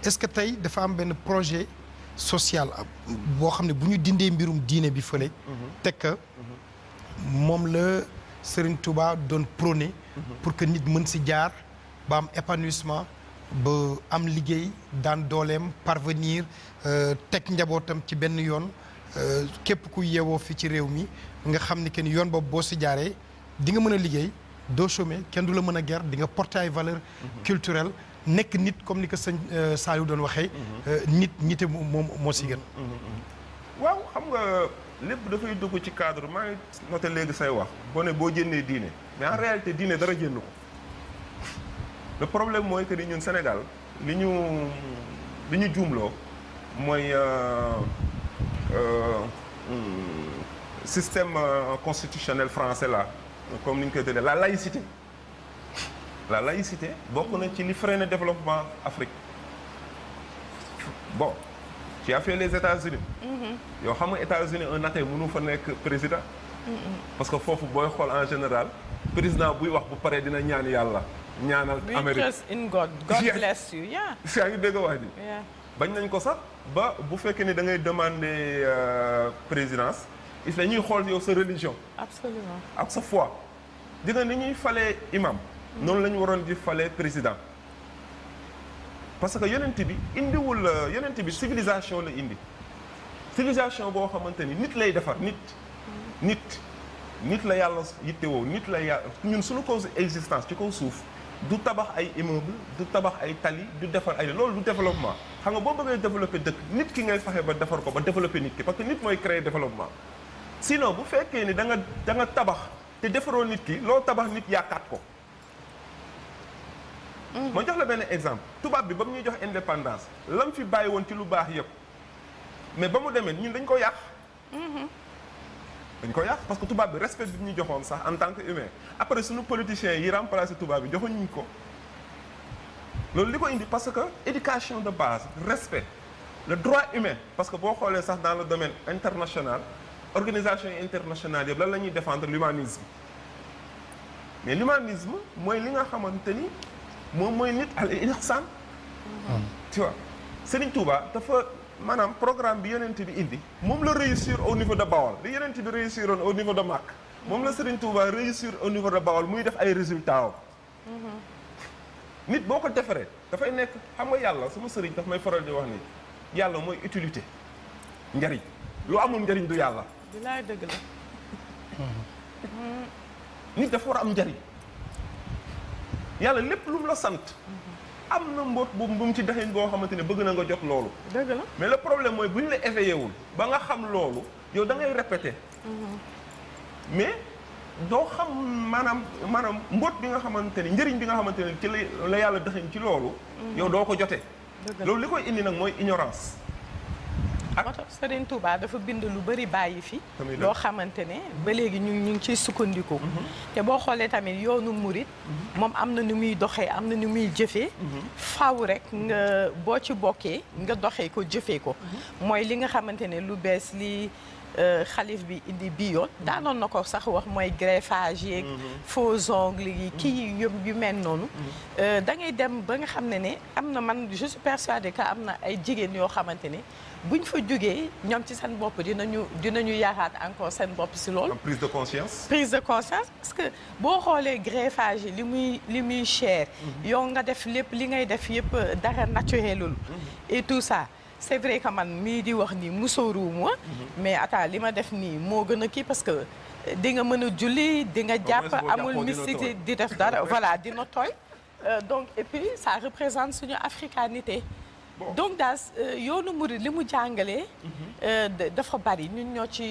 est-ce que tey dafa am benn projet social boo xam ne bu ñu dindee mbirum diine bi fële tekk moom la Serigne Touba doon prôné pour que nit mën si jaar ba am épanouissement ba am liggéey daan dooleem parvenir euh, teg njabootam ci benn yoon euh, képp ku yeewoo fi ci réew mi nga xam ni kenn yoon boobu boo si jaaree di nga mën a liggéey doo chômer kenn du la mën a ger di nga porter ay valeurs mhm. culturelles nekk nit comme ni ko sëñ euh, Saliou doon waxee. Mhm. Euh, nit ñite moom moo si gën. Mhm, waaw xam nga lépp dafay dugg ci cadre maa ngi léegi say wax boo boo jëndee diine mais en réalité diine dara jënd ko le problème mooy que ni ñun Sénégal li ñu li ñu juumloo mooy. Euh, hmm, système euh, constitutionnel français la comme ni ñu koy tuddee la laïcité la laïcité bokk na ci li ne développement Afrique bon tu as les États-Unis mhm. yow xam nga États-Unis un athée mënu fa nekk président mhm. parce que foofu booy xool en général président buy wax bu paree dina ñaan yàlla ñaanal Amérique we trust in God God bless yaa ngi dégg wax ji bañ nañ ko sax ba bu fekkee ni dangay ngay demander euh, présidence is ñuy xool yow sa religion. absolument ak sa foi. dina ni ñuy fale imam. noonu la ñu waroon di falee président. parce que yonent bi indiwul yenent bi civilisation la indi. civilisation boo xamante ni nit lay defar nit. nit nit la yàlla woo nit la yàlla ñun suñu cause existence ci kaw suuf. du tabax ay immeuble du tabax ay tali du defar ay loolu du développement xam nga boo bëggee développer dëkk nit ki ngay faxe ba defar ko ba développer nit ki parce que nit sinon bu fekkee ni da nga da nga tabax te defaroo nit ki loo tabax nit yàqaat ko. moo mm. jox la benn exemple tubaab bi ba mu ñuy jox indépendance la mu fi bàyyi woon ci lu baax yëpp mais ba mu demee ñun dañ ko yàq. Mm-hmm. dañ ko yàq parce que tubaab bi respect bi ñu joxoon sax en tant que humain après suñu politiciens yi remplacé tubaab bi ñu ko. loolu li ko indi parce que éducation de base respect le droit humain parce que boo xoolee sax dans le domaine international. organisation internationale yëpp lan la ñuy défendre l'humanisme mais l'humanisme mooy li nga xamante ni moom mooy nit al ihsan tu vois Serigne Touba dafa maanaam programme bi yeneenti bi indi moom la réussir au niveau de Bawol li yonent bi réussir oon au niveau de Mak moom la Serigne Touba réussir au niveau de Bawol muy def ay résultats am nit boo ko defaree dafay nekk xam nga yàlla sama sëriñ daf may faral di wax ni yàlla mooy utilité njariñ loo amul njariñ du yàlla bilaay dëgg la. nit dafa war am njariñ yàlla lépp lu la sant. am na mboot bu mu ci daxin boo xamante ne bëgg na nga jot loolu. dëgg la mais la problème mooy bu ñu la éveillé wul ba nga xam loolu yow da ngay répété. Mhm. mais doo xam maanaam maanaam mboot bi nga xamante ne njëriñ bi nga xamante ne ci la yàlla daxin ci loolu. Mhm. yow doo ko jotee. loolu li koy indi nag mooy ignorance. moo tax Serigne Touba dafa bind lu bëri bàyyi fi loo xamante ne ba léegi ñu ñu ngi ciy sukkandiku mhm. te boo xoolee tamit yoonu murit mhm. moom am na nu muy doxee am na nu muy jëfee mhm. faw rek nga boo ci bokkee nga doxee ko jëfee ko li nga xamante ne lu bees li euh, xalif bi indi bi daanoon na ko sax wax mooy greffage yeeg faux ongles yi kii yu yu mel noonu euh, da ngay dem ba nga xam ne ne am na man je suis persuadée am na ay jigéen yoo xamante ne bu ñu fa jógee ñoom ci seen bopp dinañu dinañu yaaraat encore seen bopp si loolu. prise de conscience. prise de conscience parce que boo xoolee greffage yi li muy li muy cher. Mhm. yow nga def lépp li ngay def yëpp euh, dara naturelul mhm. et tout ça. c'est vrai que man mii di wax ni nii musóoruwuma mhm. mais attends li ma def nii moo gën a kii parce que euh, di nga mën a julli di nga jàpp amul mystique di def dara voilà dina tooy euh, donc et puis ça représente suñu africanité donc daal euh, yoonu murid li mu jàngalee. Mhm. Euh, dafa bari ñun ñoo ci.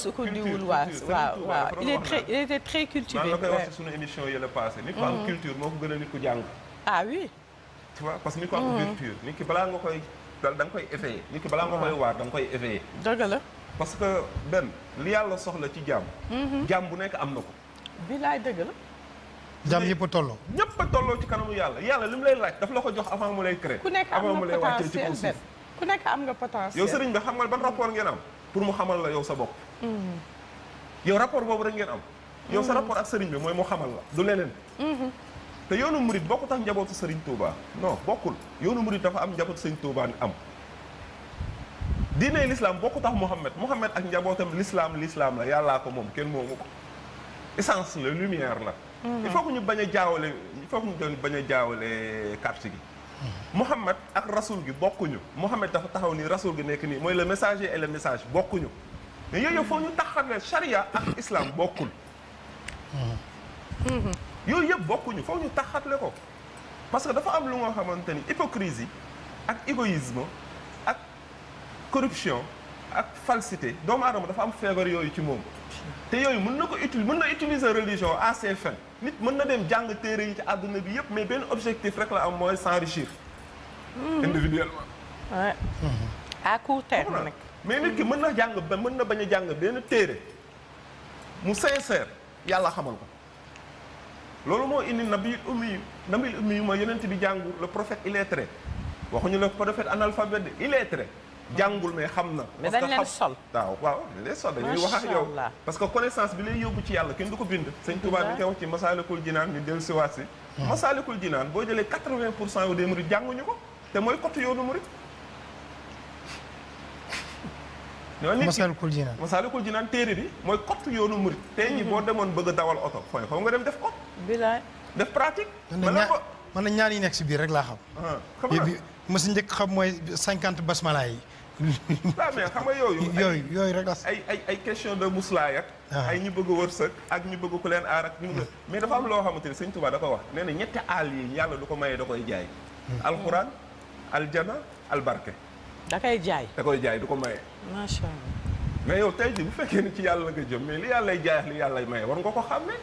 sukkandiwul waa waaw waaw il est très il était très cultivé. maa ngi koy wax si sunu émission yi la passé. nit ku am mhm. culture moo ko gën a nit ku jàng. ah oui. parce que nit ku am mhm. culture nit ki balaa nga koy dal da koy éveillé. nit ki balaa nga koy waar da koy éveillé. dëgg la. parce que benn li yàlla soxla ci jàmm. jàmm bu nekk am na ko. bilaay dëgg la. jàmm ñëpp a tolloo ñëpp a tolloo ci kanamu yàlla yàlla li mu lay laaj daf la ko jox avant mu lay créer avant mu lay wàccee ci kaw suuf ku nekk am nga potentiel yow sëriñ bi xam nga ban rapport ngeen am pour mu xamal la yow sa bopp mm-hmm. yow rapport boobu rek ngeen am yow sa mm-hmm. rapport ak sëriñ bi mooy mu xamal la du leneen mm-hmm. te yoonu murit bokku tax njabootu sëriñ Touba no bokkul yoonu murit dafa am njaboot sëriñ Touba ni am diine l'islam bokku tax Mouhamed Mouhamed ak njabootam l'islam l'islam la yàllaa ko moom kenn moomu ko essence lumière la Mhm. il faut que ñu bañ a jaawale il faut que ñu bañ a jaawale carte gi. Mouhamad mhm. ak rasul gi bokkuñu Mouhamad dafa taxaw nii rasul gi nekk nii mooy le messager et le message bokkuñu mais yooyu foo ñu tax ne charia ak islam bokkul. Mhm. yooyu yëpp bokkuñu foog ñu taxatle ko parce que dafa am lu nga xamante ni hypocrisie ak égoïsme ak corruption ak falsité doomu aadama dafa am feebar yooyu ci moom te yooyu mun na ko utili mën na utiliser religion à nit mën na dem jàng téere yi ci àdduna bi yëpp mais benn objectif rek la am mooy s'enrichir hmm. individuellement ouais. Hmm. à court terme nag mais nit ki mën na jàng mën na bañ a jàng benn téere mu sincère yàlla xamal ko loolu moo indi nabil ummi yu nabil ummi yu mooy yonent bi jàngu le prophète illettré waxuñu le prophète analphabète illettré jàngul mais xam na. mais dañ waaw waaw dañ leen sol dañuy wax ak yow. que connaissance bi lay yóbbu ci yàlla kenn du ko bind. sëñ Tuubaa bi koy wax ci Masaalikul Jinaan ñu dellu si waat si. Hmm. Masaalikul Jinaan boo jëlee 80 pour cent wu des murit jànguñu ko te mooy côté yoonu murit. Masaalikul Jinaan Masaalikul Jinaan téere bi mooy côté yoonu murit. tey ñi hmm. boo demoon bëgg a dawal oto fooy xaw nga dem def ko. bilaay def pratique. mën man na ñaan yi nekk si biir rek laa xam. Ah, xam bi ma si njëkk xam mooy 50 basmala yi. waaw ah, mais xam nga yooyu. yooyu yooyu rek ay ay question de muslaay ak. Ah. ay ñu bëgg a wërsëg ak ñu bëgg ku leen aar ak ñu bëgg hmm. mais dafa am loo xamante ne sëñ Tuubaa da ko wax nee na ñetti aal yi yàlla du ko maye da koy jaay. Hmm. alxuraan aljana albarke. da koy jaay da jaay du ko maye. macha allah. mais yow tey jii bu fekkee ni ci yàlla nga jëm mais li yàlla lay jaay ak li yàlla lay nga ko xàmme.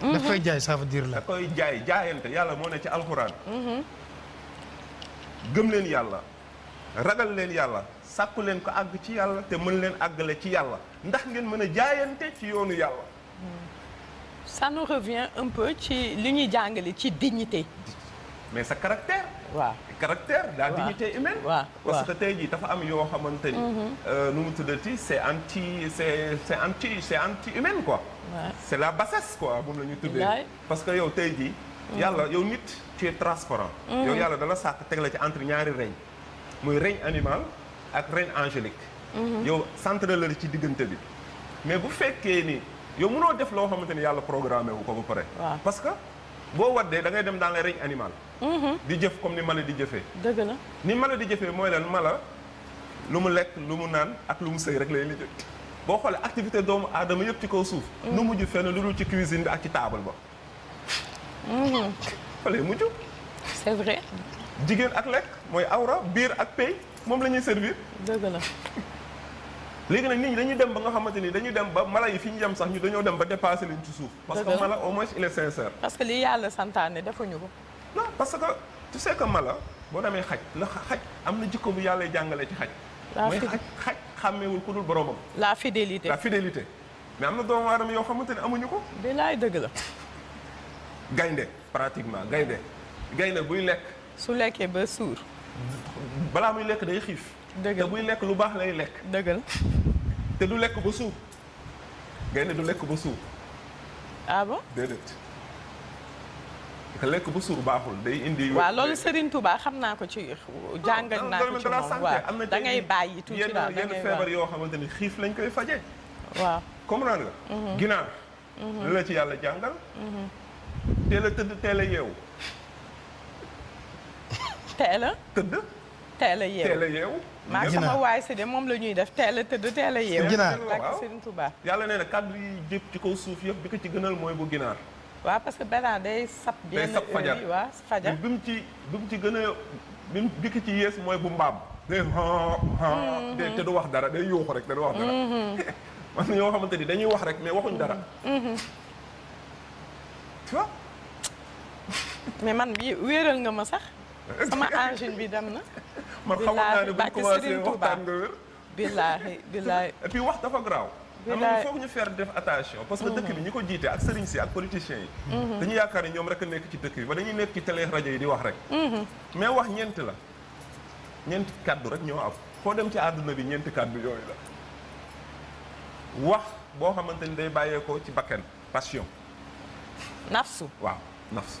Mm-hmm. koy jaay ça veut la. da koy jaay jaayante yàlla moo ne ci alxuraan. Mm-hmm. gëm leen yàlla. ragal leen yàlla sàkku leen ko àgg ci yàlla te mën leen àggale ci yàlla ndax ngeen mën a jaayante ci yoonu yàlla. ça nous revient un peu ci li ñuy jàngale ci dignité. mais sa caractère. waa caractère la dignité humaine. parce que tey jii dafa am yoo xamante ni. Mhm. Euh, nu mu tuddati c'est anti c'est c'est anti c'est anti humaine quoi. c'est la bassesse quoi mun la ñu tuddee. parce que yow tey jii. Mhm. yàlla yow nit tu es transparent. Mhm. yow yàlla dala sàkk teg la ci entre ñaari reñ. muy règne animal ak règne angélique. Mhm. yow centre la ci diggante bi. mais bu fekkee ni yow mënoo def loo xamante ni yàlla programmé wu ko ba pare. parce que boo waddee da ngay dem dans le règne animal. Mhm. di jëf comme ni mala di jëfee. dëgg la ni mala di jëfee mooy lan mala lu mu lekk lu mu naan ak lu mu sëy rek lay lijjanti. boo xoolee activité doomu aadama yëpp ci kaw suuf. Mhm. nu mujj fenn lu dul ci cuisine bi ak ci taabal ba. fa lay mujj. c'est vrai. jigéen ak lekk. mooy awra biir ak pay moom la ñuy servir. dëgg la. léegi nag nit ñi dañuy dem ba nga xamante ni dañuy dem ba mala yi fi ñu yem sax ñu dañoo dem ba dépassé liñ ci suuf. parce que mala au moins il est sincère. parce que li yàlla santaane defuñu ko. non parce que tu sais mala boo demee xaj la xaj am na jikko bu yàlla jàngale ci xaj. mooy xaj xaj xàmmeewul ku dul boromam. la fidélité la fidélité. mais am na doomu aadama yoo xamante ne amuñu ko. bi laay dëgg la. pratiquement gaynde gaynde buy lekk. su lekkee ba suur. balaa muy lekk day xiif. te buy lekk lu baax lay lekk. dëggal te du lekk ba suur. gaynde du lekk ba suur. ah bon déedéet. lekk ba baaxul day indi. waaw loolu Serigne Touba xam naa ko ci jàngal ah, naa ko ci moom waaw da ngay bàyyi tuuti daal yenn feebar yoo xamante ni xiif lañ koy faje waaw comprendre nga. Mhm. ginaar. la mhm. la ci yàlla jàngal. Mhm. teel a tëdd teel yeewu. teel a tëdd teel a yeewu teel maa sama waay si de moom la ñuy def teel a tëdd teel a yeewu ginaar ak Serigne Touba yàlla nee na kaddu yi jëpp ci kow suuf yëpp bi ko ci gënal mooy bu ginaar waa parce que benn day sap benn sap fajar waaw fajar bi mu ci bi mu ci gën a bi mu bi ci yées mooy bu mbaam mm-hmm. day te du wax dara day yuuxu rek te du wax dara mm-hmm. man ñoo xamante ni dañuy wax rek mais waxuñ dara mm-hmm. tu mais man wéeral nga ma sax sama engine bi dem na. man xamoon naa ne bu ñu commencé waxtaan nga wér. billaahi billaahi. et puis wax dafa garaaw. billaahi foog ñu faire def attention. parce que dëkk bi ñu ko jiite ak sëriñ si ak politiciens yi. Mhm. dañu yaakaar ne ñoom rek a nekk ci dëkk bi ba dañuy nekk ci télé rajo yi di wax rek. Mhm. mais wax ñeent la ñeent kàddu rek ñoo am foo dem ci àdduna bi ñeent kàddu yooyu la. wax boo xamante ni day bàyyeekoo ci bakken passion. nafsu waaw nafsu.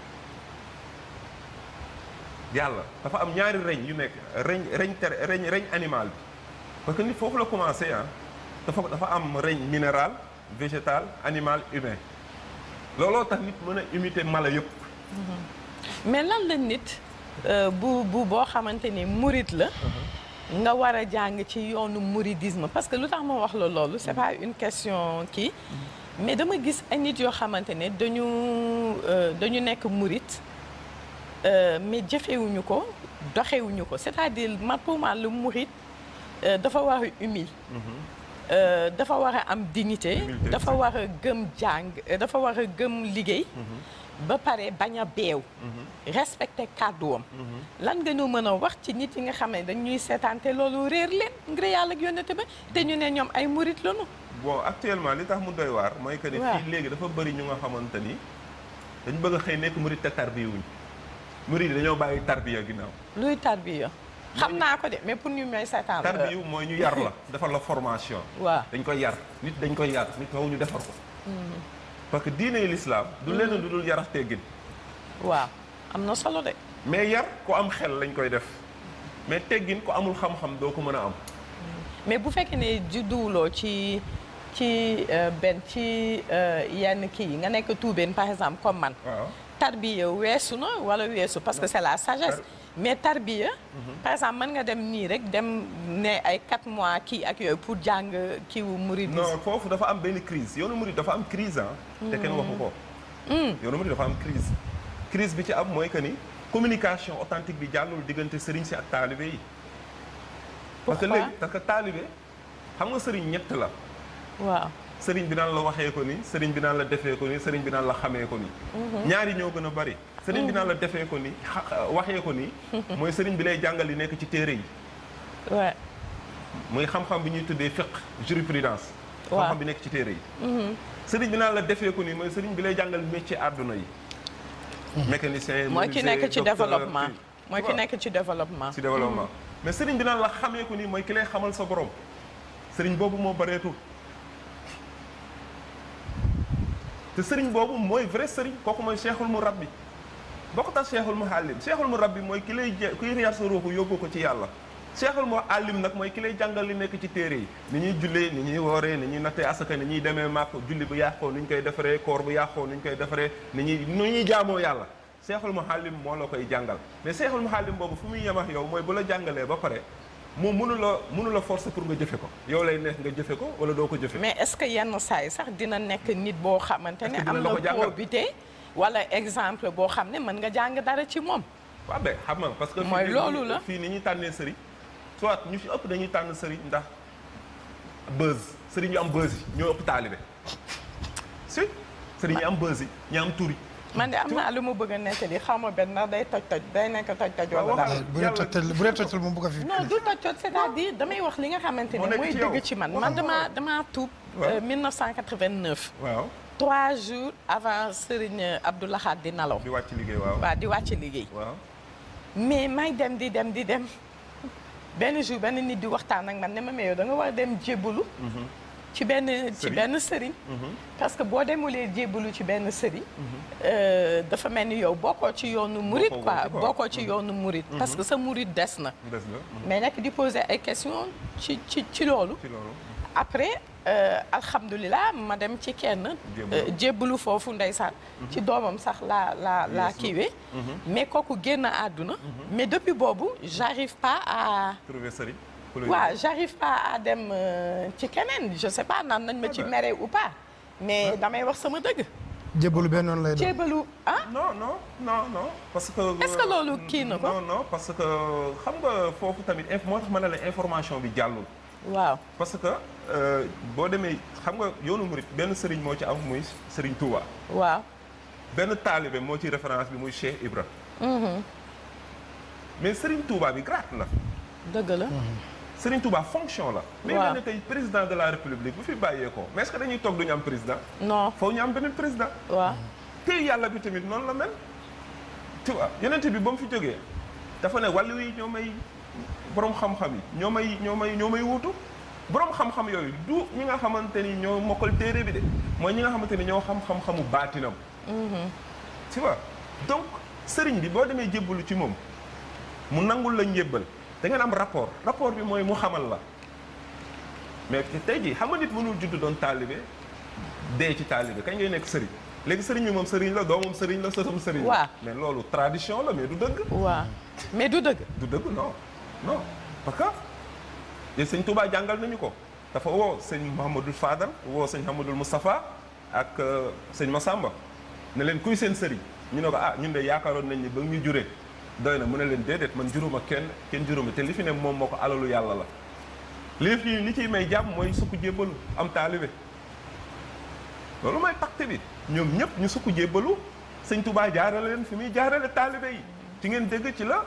yàlla dafa am ñaari reñ yu nekk reñ reñ reñ reñ animal bi parce que nit foofu la commencé ah dafa dafa am reñ minéral végétal animal humain looloo tax nit mën a imiter mala yëpp. Mm-hmm. mais lan la nit euh, bu bu boo xamante ni murit la. Mm-hmm. nga war a jàng ci yoonu mouridisme parce que lu tax ma wax la loolu c'est pas une question kii mm-hmm. mais dama gis ay nit yoo xamante ne dañu euh, dañu nekk murit. Euh, mais jëfewuñu ko doxewuñu ko c'est-à-dire man pour moi le mouride euh, dafa war a humile mm-hmm. euh, dafa war a am dignité dafa war a gëm jàng dafa war a gëm liggéey mm-hmm. ba pare bañ a beew mm-hmm. respecté kàdduwam lan nga ñu mën a wax ci nit yi nga xam ne dañuy seetaan te loolu réer leen ngir yàlla ak yónnate ba te ñu ne ñoom ay murit lañu bon actuellement li tax mu doy waar mooy que ne fii léegi dafa bëri ñu nga xamante ni dañ bëgg a xëy nekk murit te tarbiwuñ murid dañoo bàyyi tarbiya ginnaaw. luy tarbiya. xam naa ko mais pour ñu may seetaan. ñu yar la defal la formation. waaw dañ koy yar nit dañ koy yar nit faaw ñu defar ko. Mm-hmm. parce que diine l'islam du mm-hmm. lenn du dul yarax teggin. waaw am na solo de. mais yar ku am xel lañ koy def mais teggin ku amul xam-xam doo ko mën a am. Mm-hmm. mais bu fekkee ne judduwuloo ci ci euh, benn ci euh, yenn kii yi nga nekk tuubeen par exemple comme man. tarbiya weesu na wala weesu parce que c'est la sagesse euh, mais tarbiya mhm. par exemple mën nga dem nii rek dem ne ay 4 mois kii ak yooyu pour jàng kii wu murid non foofu dafa am benn crise yoonu murid dafa am crise ah te kenn waxu ko hmm. Hmm. yoonu dafa am crise crise bi ci am mooy que ni communication authentique bi jàllul diggante sëriñ si ak taalibe yi parce que léegi parce que taalibe xam nga sëriñ ñett la sëriñ bi naan la waxee ko ni sëriñ bi naan la defee ko ni sëriñ bi naan la xamee ko ni mhm. ñaari ñoo gën a bari sëriñ bi naan la defee ni waxee ko ni mooy sëriñ bi lay jàngal nekk ci téere yi waaw muy ñuy tuddee fiqh jurisprudence xam-xam bi nekk ci téere yi mhm. bi naan la defee ko mooy sëriñ bi lay jàngal métier àdduna yi mhm. mécanicien mooy ki nekk ci développement mooy ki nekk ci développement ci développement mais sëriñ bi naan la xamee ko ni mooy ki lay xamal sa borom sëriñ boobu moo bareetul te sëriñ boobu mooy vrai sëriñ kooku mooy cheikhul mu rabbi bokk tax cheikhul mu àllim cheikhul mu rabbi mooy ki lay kuy yar sa ruuxu yóbbu ko ci yàlla cheikhul mu àllim nag mooy ki jàngal li nekk ci téere yi ni ñuy jullee ni ñuy wooree ni ñuy nattee asaka ni ñuy demee màkk julli bu yàqoo ni ñu koy defaree koor bu yàqoo ni ñu koy defaree ni ñuy ni ñuy jaamoo yàlla cheikhul mu àllim moo la koy jàngal mais cheikhul mu àllim boobu fu muy yem ak yow mooy bu la jàngalee ba pare moom mënu la mënu la force pour nga jëfe ko yow lay nekk nga jëfe ko wala doo ko jëfe mais est-ce que yenn saa yi sax dina nekk nit boo xamante ne am na ko tey wala exemple boo xam ne mën nga jàng dara ci moom waaw ben xam na parce que mooy loolu la fii ni ñu tànnee sëriñ soit ñu fi ëpp dañuy tànn sëriñ ndax buzz sëriñ yu am buzz yi ñoo ëpp taalibe si sëriñ yu am buzz yi ñu am tur yi man de am naa lu moo bëgg a nettali xaw ma benn ndax day toj toj day nekk toj toj wala daal bu dee toj toj bu a fi non du toj toj cest à damay wax li nga xamante ne mooy dëgg ci man man damaa damaa tuub 1989 euh, waaw trois jours avant Serigne Abdou Lahad di nalaw di wàcc liggéey waaw waaw di wàcc liggéey waaw mais may dem di dem di dem benn jour benn nit di waxtaan ak man ne ma mais danga da a dem jébbalu mhm. ci benn ci benn sëriñ mhm. parce que boo demulee jébbalu ci benn sëriñ mhm. euh, dafa mel ni yow bokkoo ci yoonu murit quoi bokkoo ci mhm. yoonu murit parce que sa murit des na mais nekk di poser ay questions ci ci ci loolu après euh, alhamdulilah ma dem ci kenn jébbalu euh, foofu ndeysaan ci doomam sax laa laa laa kiiwee mais kooku génn àdduna mais depuis boobu j'arrive pas à trouver sëriñ waaw j'arrive pas à dem euh, ci keneen je sais pas naan nañ ma ci ah mere ou pas mais damay wax sama dëgg. jébalu benn noonu lay doon jébalu ah. non non non non parce que. Euh, est-ce que loolu kii na ko non non parce que euh, xam nga foofu tamit moo tax ma ne la information bi jàllul. waaw parce que boo demee xam nga yoonu murit benn sëriñ moo ci am muy sëriñ Touba. waaw benn taalibe moo ci référence bi muy Cheikh Ibra. Mm-hmm. mais sëriñ Touba bi gratte la. dëgg la. Mm-hmm. Serigne Touba fonction la. mais mel ni tey président de la république bu fi bàyyeekoo mais est-ce que dañuy toog du ñu am président. non foofu ñu am beneen président. waaw te yàlla bi tamit noonu la mel. tu vois bi ba mu fi jógee dafa ne wàllu ñoo may boroom xam-xam yi ñoo may ñoo may ñoo may wuutu. borom xam-xam yooyu du ñi nga xamante ni ñoo mokkal téere bi de mooy ñi nga xamante ni ñoo xam xam-xamu baatinam. Mm-hmm. tu vois donc sëriñ bi boo demee jébbalu ci moom mu nangul la njébbal da ngeen am rapport rapport bi mooy mu xamal la mais tey jii xam nga nit mënul judd doon taalibe dee ci taalibe kañ ngay nekk sëriñ léegi sëriñ bi moom sëriñ la doomam sëriñ la sëtam sëriñ la mais loolu tradition la mais du dëgg waaw mais du dëgg du dëgg non parce que yéen sëñ Touba jàngal nañu ko dafa woo sëñ Mouhamadul Fadal woo sëñ Mouhamadul Moustapha ak euh, sëñ Massamba ne leen kuy seen sëriñ ñu ne ko ah ñun de yaakaaroon nañ ni ba ñu juree doy na mu ne leen déedéet man juróoma kenn kenn juróoma te li fi ne moom moo ko alalu yàlla la li fi li ciy may jàmm mooy sukk jébbalu am taalibe loolu mooy pacte bi ñoom ñëpp ñu sukk jébbalu sëñ Touba jaarale leen fi muy jaarale taalibe yi ci ngeen dégg ci la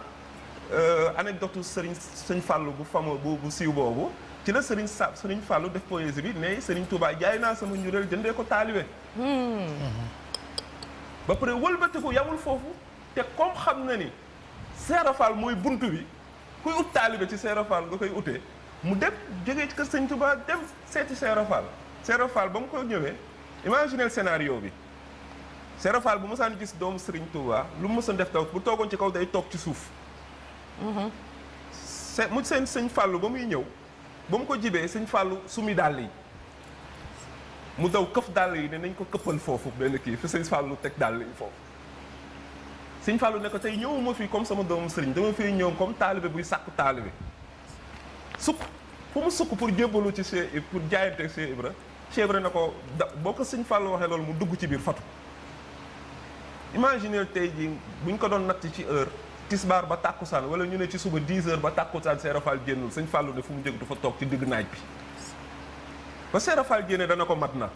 euh, anecdote sëriñ sëñ Fallou bu famo bu bu siiw boobu ci la sëriñ sa sëriñ Fallou def poésie bi ne sëriñ Touba jaay naa sama njureel jëndee ko taalibe hmm. ba pare ko yamul foofu te comme xam na ni Seera Fall mooy bunt bi kuy ut taalibe ci Seera Fall nga koy ute mu dem jógee ci kër Sëñ Tuba dem seeti Seera Fall ba mu ko ñëwee imaginez scénario bi Seera Fall bu mosaan gis doomu Sëriñ Tuba lu mu mësoon def taw bu toogoon ci kaw day toog ci suuf mm-hmm. se mu seen sëñ Fallu ba muy ñëw ba mu ko jibee sëñ fàll sumi dàll yi mu daw këf dàll yi ne nañ ko këppal foofu benn kii fi sëñ Fallu teg dàll yi foofu sëñ Fallou ne tey ñëwuma fii comme sama doomu sëriñ dama fii ñëw comme taalibe buy sàkku taalibe sukk fu mu sukk pour jébbalu ci Cheikh pour jaayanteeg Cheikh Ibra Cheikh Ibra ne ko da boo ko sëñ Fallou waxee loolu mu dugg ci biir fatu imaginer tey jii buñ ko doon natt ci heure tisbaar ba tàkkusaan wala ñu ne ci suba 10 heures ba tàkkusaan Seera Fall génnul sëñ Fallou ne fu mu jóg du fa toog ci digg naaj bi ba Seera Fall génne dana ko mat na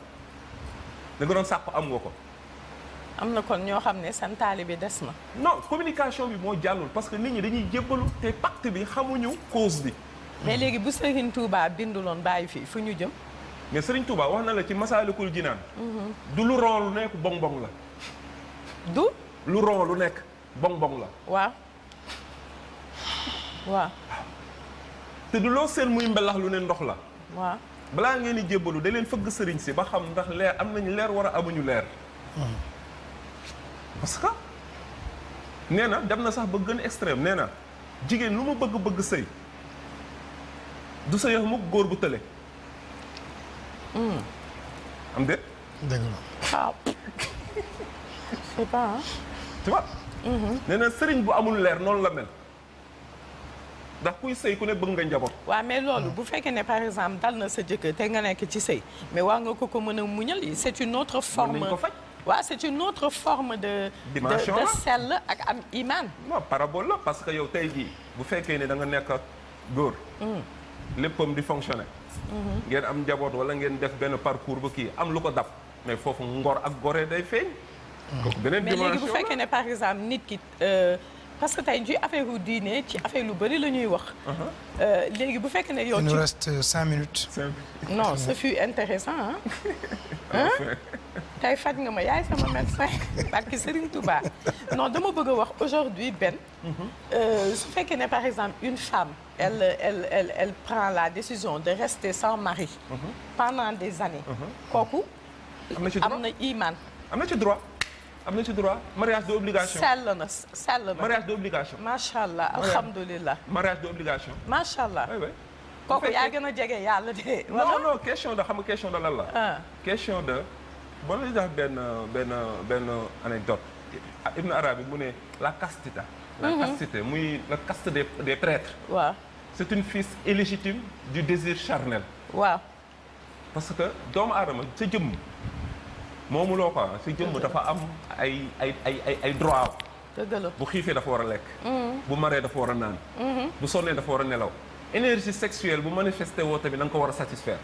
da nga doon ko am na kon ñoo xam ne santaali bi des na. non communication bi moo jàllul parce que nit ñi dañuy jébbalu te pacte bi xamuñu cause bi. mais léegi bu Serigne Touba binduloon bàyyi fii fu ñu jëm. mais Serigne Touba wax na la ci Masaalikul Jinaan. Mhm. du lu ron lu nekk bong bong la. du. lu ron lu nekk bong bong la. waaw waaw. te du loo seen muy mbelax lu ne ndox la. waa balaa ngeen di jébbalu da leen fëgg Serigne si ba xam ndax leer am nañu leer war a amuñu leer. Mhm. parce que nee na dem na sax ba gën extrême nee na jigéen lu mu bëgg bëgg sëy du sëy mukk góor bu tële. Hmm. am déet. dëgg la waaw. je sais pas. tu vois. Mm-hmm. sëriñ bu amul leer noonu la mel. ndax kuy sëy ku ne bëgg nga njaboot. waaw mais loolu ah. bu fekke ne par exemple dal na sa jëkkër te nga nekk ci sëy mais war nga ko ko mën a muñal c'est une autre forme. ko faj waaw c'est une autre forme de. dimension de sell ak am iman. non parabole la parce que yow tey jii bu fekkee ne da nga nekk ak góor. Mm. léppam di fonctionner. Mm-hmm. ngeen am njaboot wala ngeen def benn parcours bu kii am lu ko dab mais foofu ngor ak gore day feeñ. Mm. beneen mais léegi bu fekkee ne par exemple nit ki. Euh, parce que tey ji affaire u diine ci affaire lu bëri la ñuy wax. Uh-huh. Euh, léegi bu fekkee ne yow. ci il nous reste euh, cinq non ce fut intéressant ah. tey faj nga ma yaay sama médecin barki Serigne Touba non dama bëgg a wax aujourd'hui benn. Uh-huh. Euh, su fekkee ne par exemple une femme. elle elle elle elle prend la décision de rester sans mari. Uh-huh. pendant des années. kooku. am na ci am na iman. am na ci droit. am na ci droit mariage d' obligation. sell na na mariage d' obligation. macha allah alhamdulilah. mariage d' obligation. macha allah yaa gën a jege yàlla de. non question de xam nga question de lan ah. question de boo la jox benn benn benn anecdote Ibn Arabi mu ne la castita. la mhm. castité muy la caste des des prêtres. est une fille illégitime du désir charnel. waaw parce que doomu aadama sa jëmm. moomuloo quoi si jëmm dafa am ay ay ay ay droit dëgg la bu xiifee dafa war a lekk mm-hmm. bu maree dafa war a naan mm-hmm. bu sonnee dafa war a nelaw énergie sexuelle bu manifesté woo tamit na nga ko war a satisfaire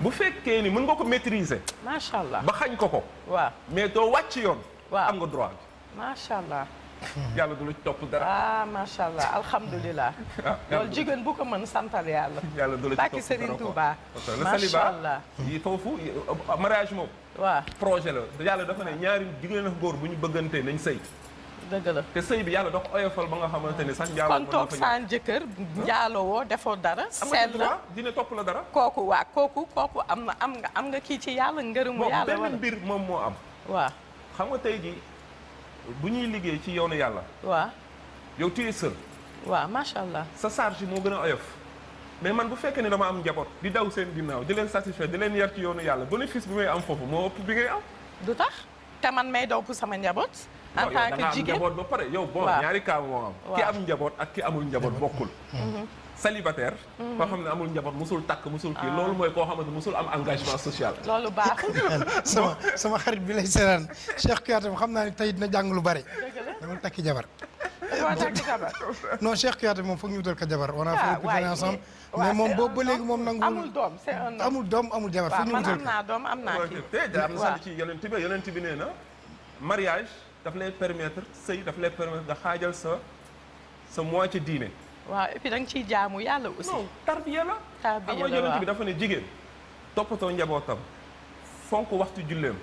bu fekkee ni mun nga ko maîtriser macha allah ba xañ ko ko waa mais doo wàcc yoon waaw am nga droit bi macha allah yàlla du la ci topp dara. ah macha allah alhamdulillah ah, loolu jigéen bu ko mën santal yàlla. yàlla du la ci topp dara bàkki Serigne Touba. macha allah yi foofu euh, mariage moom. waaw projet la yàlla dafa ne ñaari jigéen ak góor bu ñu bëggantee nañ sëy. dëgg la te sëy bi yàlla da ko oyofal ba nga xamante ni sax. njaaloo kon toog saan jëkkër. njaaloo woo defoo dara. seet la dina topp la dara. kooku waa kooku kooku am na am nga am nga kii ci yàlla ngërëmu. yàlla wala moom moo am. waaw xam nga tey jii bu ñuy liggéey ci yoonu yàlla. waa yow tu es seul. waaw macha allah. sa charge moo gën a oyof. mais man bu fekkee ne dama am njaboot di daw seen ginnaaw di leen satisfaire di leen yar ci yoonu yàlla bénéfice bi may am foofu moo ëpp bi ngay am. du tax te man may daw pour sama njaboot. en tant jigéen yow njaboot ba pare yow bon ñaari cas moo am. ki am njaboot ak ki amul njaboot bokkul. Mhm. célibataire mhm. koo xam ne amul njaboot musul takk musul kii ah. loolu mooy koo xamante musul am engagement social loolu baaxul sama sama xarit bi lay seetaan Cheikh Kouyaté xam naa ne tey dina jàng lu bari dama takki jabar non Cheikh Kouyaté moom foog ñu wutal ko jabar on a ah, fait moom moom nangu amul amul doom amul jabar foog ñu wutal ko am naa doom am naa kii te am na sant ci bi nee na mariage daf lay permettre sëy daf lay permettre nga xaajal sa sa ci diine waaw et puis da nga ciy jaamu yàlla aussi. non tarbiya la. tarbiya la yonent bi dafa ne jigéen. toppatoo njabootam fonk waxtu julleem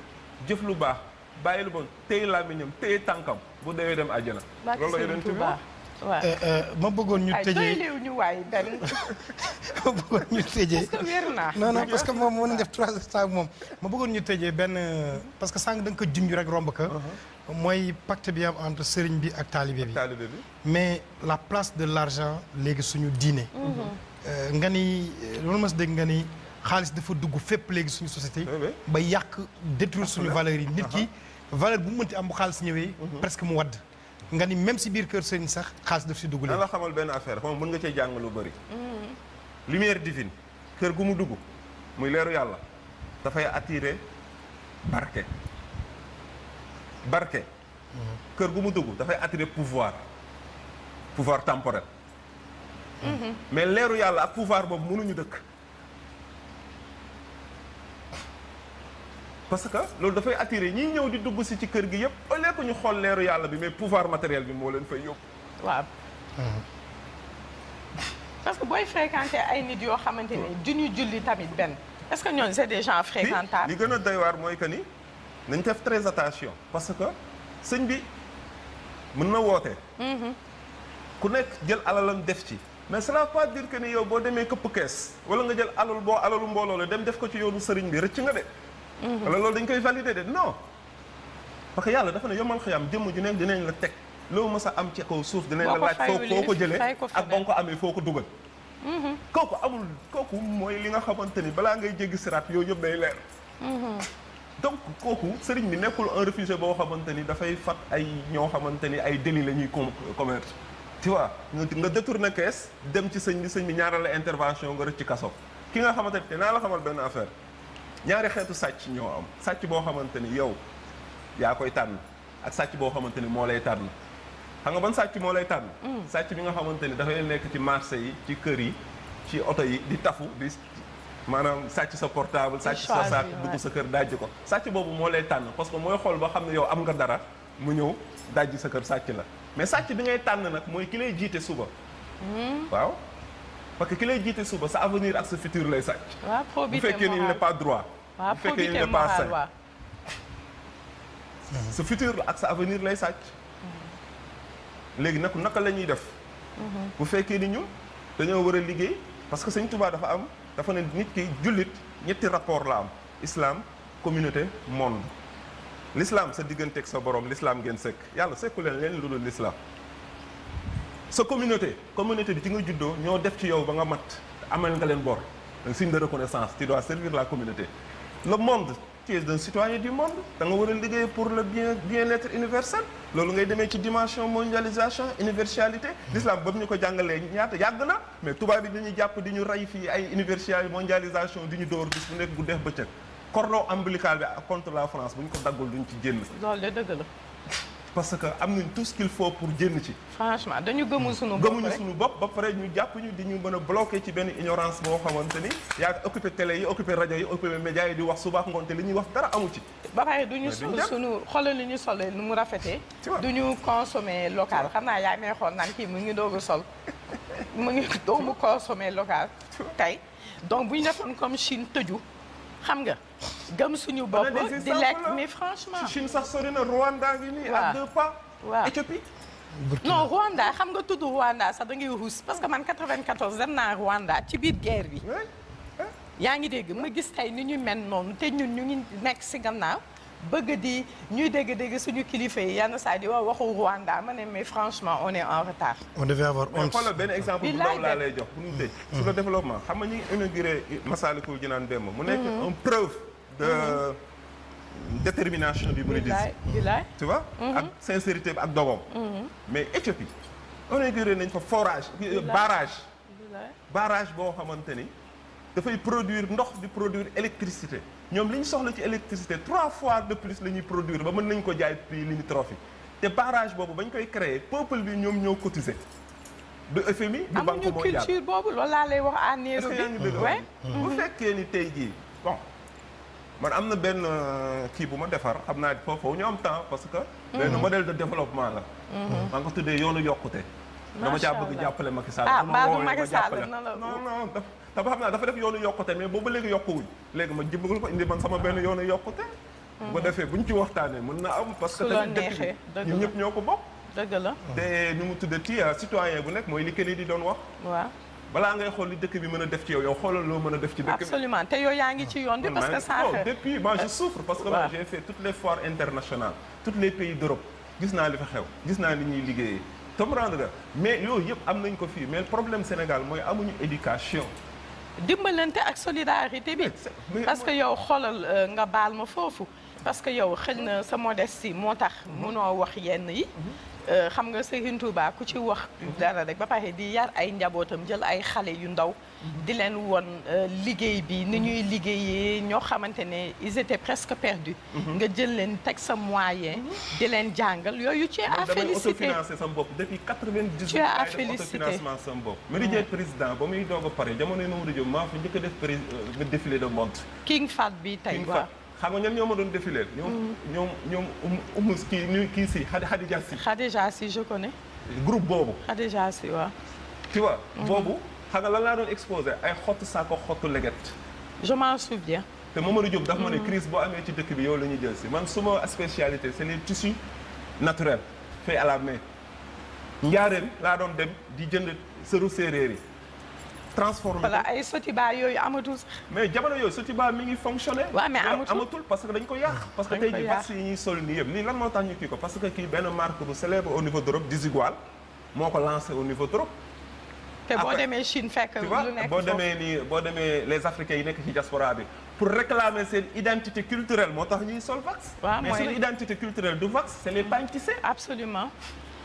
jëf lu baax bàyyi lu bon téye làmmiñam téye tànkam bu deewee dem àjjana. loolu la yonent bi waaw eh, eh, ma bëggoon ñu tëjee ay ñu waay benn. ma bëggoon ñu tëjee non non parce que moom mën na def trois heures moom. ma bëggoon ñu tëjee benn parce que sànq da nga ko junj rek romb ka mooy pacte bi am entre sëriñ bi ak taalibe bi mais la place de l'argent léegi suñu diine mm-hmm. euh, nga ni euh, loolu mas dégg nga ni xaalis dafa dugg fépp léegi suñu société ba yàq détruire suñu ah, valeur yi ah, nit ki ah. valeur bu mu mënti am bu xaalis ñëwee mm-hmm. presque mu wadd nga ni même si biir kër sëriñ sax xaalis daf si dugg léegi la xamal benn affaire moom mën nga cee jàng lu bëri mm-hmm. lumière divine kër gu mu dugg muy leeru yàlla dafay attirer barke barke. kër gu mu dugg dafay attirer pouvoir pouvoir temporel. Mhm. mais leeru yàlla ak pouvoir boobu mënuñu dëkk. parce que loolu dafay attirer ñiy ñëw di dugg si ci kër gi yëpp au lieu ñu xool leeru yàlla bi mais pouvoir matériel bi moo leen fay yóbbu. waaw. Mhm. parce que booy fréquenter ay nit yoo xamante ne du ñu julli tamit benn est-ce que ñooñu c'est des gens fréquentables. li gën a doy waar mooy que ni. nañ def très attention parce que sëñ bi mën na woote. Mhm. ku nekk jël alalam def ci. mais cela veut pas dire ni yow boo demee këpp kees wala nga jël alal boo alalu mbooloo la dem def ko ci yoonu sëriñ bi rëcc nga de. Mhm. wala loolu dañ koy valider de non. parce que yàlla dafa ne yomal xiyam jëm ju nekk dinañ la teg loo mës am ci kaw suuf dinañ la laaj foo foo ko jëlee ak ba nga ko amee foo ko dugal. Mhm. kooku amul kooku mooy li nga xamante ni balaa ngay jéggi siraat yooyu yëpp day leer. donc kooku sëriñ bi nekkul un réfugié boo xamante ni dafay fat ay ñoo xamante ni ay délit la ñuy euh, commettre tu vois nga na kees dem ci sëñ bi sëñ bi ñaaral la intervention nga rëcc ci kaso ki nga xamante ni naa la xamal benn affaire ñaari xeetu sàcc ñoo am sàcc boo xamante ni yow yaa koy tànn ak sàcc boo xamante ni moo lay tànn xam nga ba sàcc moo lay tànn mm. sàcc bi nga xamante ni dafay nekk ci marché yi ci kër yi ci oto yi di tafu di maanaam sàcc sa portable sàcc sa saak dugg sa kër dajj ko sàcc boobu moo lay tànn parce que mooy xool ba xam ne yow am nga dara mu ñëw dajj sa kër sàcc la mais sàcc bi ngay tànn nag mooy ki lay jiite suba hmm. waaw parce que ki lay jiite suba sa avenir ak sa futur lay sàcc bu fekkee ni il n'est pas droit bu fekkee il n'est pas sain ak sa avenir lay sàcc hmm. léegi nag naka la ñuy def hmm. bu fekkee ni ñun dañoo war a liggéey parce que Sëñ Tuubaa dafa am dafa ne nit ki jullit ñetti rapport la am islam communauté monde l'islam sa digganteeg sa borom lislaam ngeen sëkk yàlla sekku leen leen lu dul l'islam sa communauté communauté bi ci nga juddoo ñoo def ci yow ba nga mat amal nga leen bor un signe de reconnaissance ti dois servir la communauté le monde tu es un citoyen du monde da nga war a liggéey pour le bien bien-être universel loolu ngay demee ci dimension mondialisation universalité l'islam boobu ñu ko jàngalee ñaata yàgg na mais tubaab bi dañuy jàpp di ñu rey fii ay universalité di ñu dóor bis bu nekk bu def bëccëg cordon ombilical bi contre la France bu ñu ko daggul duñ ci génn loolu de dëgg la parce que am nañ tout ce qu'il faut pour génn ci. franchement dañu gëmul suñu bopp gëmuñu suñu bopp ba pare ñu jàpp ñu di ñu mën a bloqué ci benn ignorance boo xamante ni yaa ngi occupé télé yi occupé rajo yi occupé média yi di wax suba ak ngoon te li ñuy wax dara amu ci. ba pare du ñu suñu xoolal li ñu solee nu mu rafetee. du ñu consommé local xam naa yaa may xool naan kii mu ngi doog a sol mu ngi doomu consommé local tey donc bu ñu defoon comme Chine tëju. xam nga gëm suñu bopp di lekk mais franchement. sax sori na Rwanda ngi nii. à deux pas. Éthiopie. non Rwanda xam nga tudd Rwanda sa da ngay ruus parce que man 94 dem naa Rwanda ci biir guerre bi. yaa ngi dégg ma gis tey ni ñu men noonu te ñun ñu ngi nekk si gannaaw. bëgg di ñuy dégg-dégg suñu kilifa yi yenn saa di wax waxu Rwanda ma ne mais franchement on est en retard. on devait avoir honte xoolal benn exemple bu ndaw laa lay jox pour ñu tëj. Hmm. sur le développement xam nga ñu ngi inauguré Massalikul Jinaan démb. mu nekk hmm. une preuve de. Hmm. détermination bi mouridisme bilaay tu vois ak sincérité bi ak doomam mais Éthiopie inauguré nañ fa forage euh, barrage barrage boo xamante ni dafay produire ndox di produire électricité ñoom li ñu soxla ci électricité trois fois de plus la ñuy produire ba mën nañ ko jaay prix limitrophique te barrage boobu bañ koy créer peuple bi ñoom ñëw cotiser du FMI du banque mondiale amuñu culture boobu loolu laa lay wax ànnéeru bi bu fekkee ni tey jii bon man am na benn euh, kii bu ma defar am naa foofu ñu am temps parce que mhm. benn modèle de développement la mhm. maa ngi ko tuddee yoonu yokkute dama caa bëgg jàppale ma ki Macky Sall ah baabu Macky Sall na la non non te ba xam naa dafa def yoonu yokkute mais boobu léegi yokkuwuñ léegi ma jëmbagul ko indi man sama benn ah. yoonu yokkute bu ko mm-hmm. defee buñ ci waxtaanee mën na am parce que tamit dëkk bi ñun ñëpp ñoo ko bokk dëgg la te nu mu tuddati ah, citoyen bu nekk mooy li kenn di doon wax waaw balaa ngay xool li dëkk bi mën a def ci yow yow xoolal loo mën a def ci dëkk bi absolument te yow yaa ngi ci yoon bi parce que ça fait depuis moi je souffre parce que moi j'ai fait toutes les foires internationales tous les pays naa li fa xew gis naa li ñuy liggéeyee te mais yooyu yëpp am nañ ko fii mais problème Sénégal mooy amuñu éducation dimbalante ak solidarité bi parce que yow xoolal euh, nga baal ma foofu parce que yow xëy na sa modestie moo tax mënoo mhm. wax yenn yi mhm. Euh, xam nga Serigne Touba ku ci wax dara rek ba pare di yar ay njabootam jël ay xale yu ndaw di leen won euh, liggéey bi ni ñuy liggéeye ñoo xamante ne ils étaient presque perdus mhm. nga jël leen teg sa moyen di leen jàngal yooyu tu es à féliciter damay autofinancé sam bopp depuis quatre vingt dix président ba muy doog a pare jamono Mamadou Diop maa fa njëkk a def euh, défilé de mode King Fat bi tey waaw xam nga ñan ñoo ma doon défilé. Mm. ñoom ñoom ñoom um, umu kii kii si Khadija si. Khadija si je connais. group boobu. Khadija si waaw. tu vois. Mm-hmm. boobu xam nga lan laa doon exposé ay xottu saako xottu leget. je m'en souviens. te mën Mamadou Diop dafa ma ne mm. crise boo amee ci dëkk bi yow la ñuy jël si man suma spécialité c'est les tissus naturels faits à la main. njaareel laa doon dem di jënd sëru séeréer yi. transformé voilà ay Sotiba yooyu amatul sax. mais jamono yooyu Sotiba mi ngi fonctionné. waaw mais amatul parce que dañ ko yàq. Ah, parce que tey jii vaccin yi ñuy sol nii yëpp nii lan moo tax ñu kii ko parce que kii benn marque bu célèbre au niveau d'Europe Desigual moo ko lancé au niveau d'Europe. te boo demee chin fekk lu boo demee ni boo demee les africains yi nekk ci diaspora bi. pour réclamer seen identité culturelle moo tax ñuy sol vax. waaw mooy identité culturelle du vax c'est les pagne tissé. absolument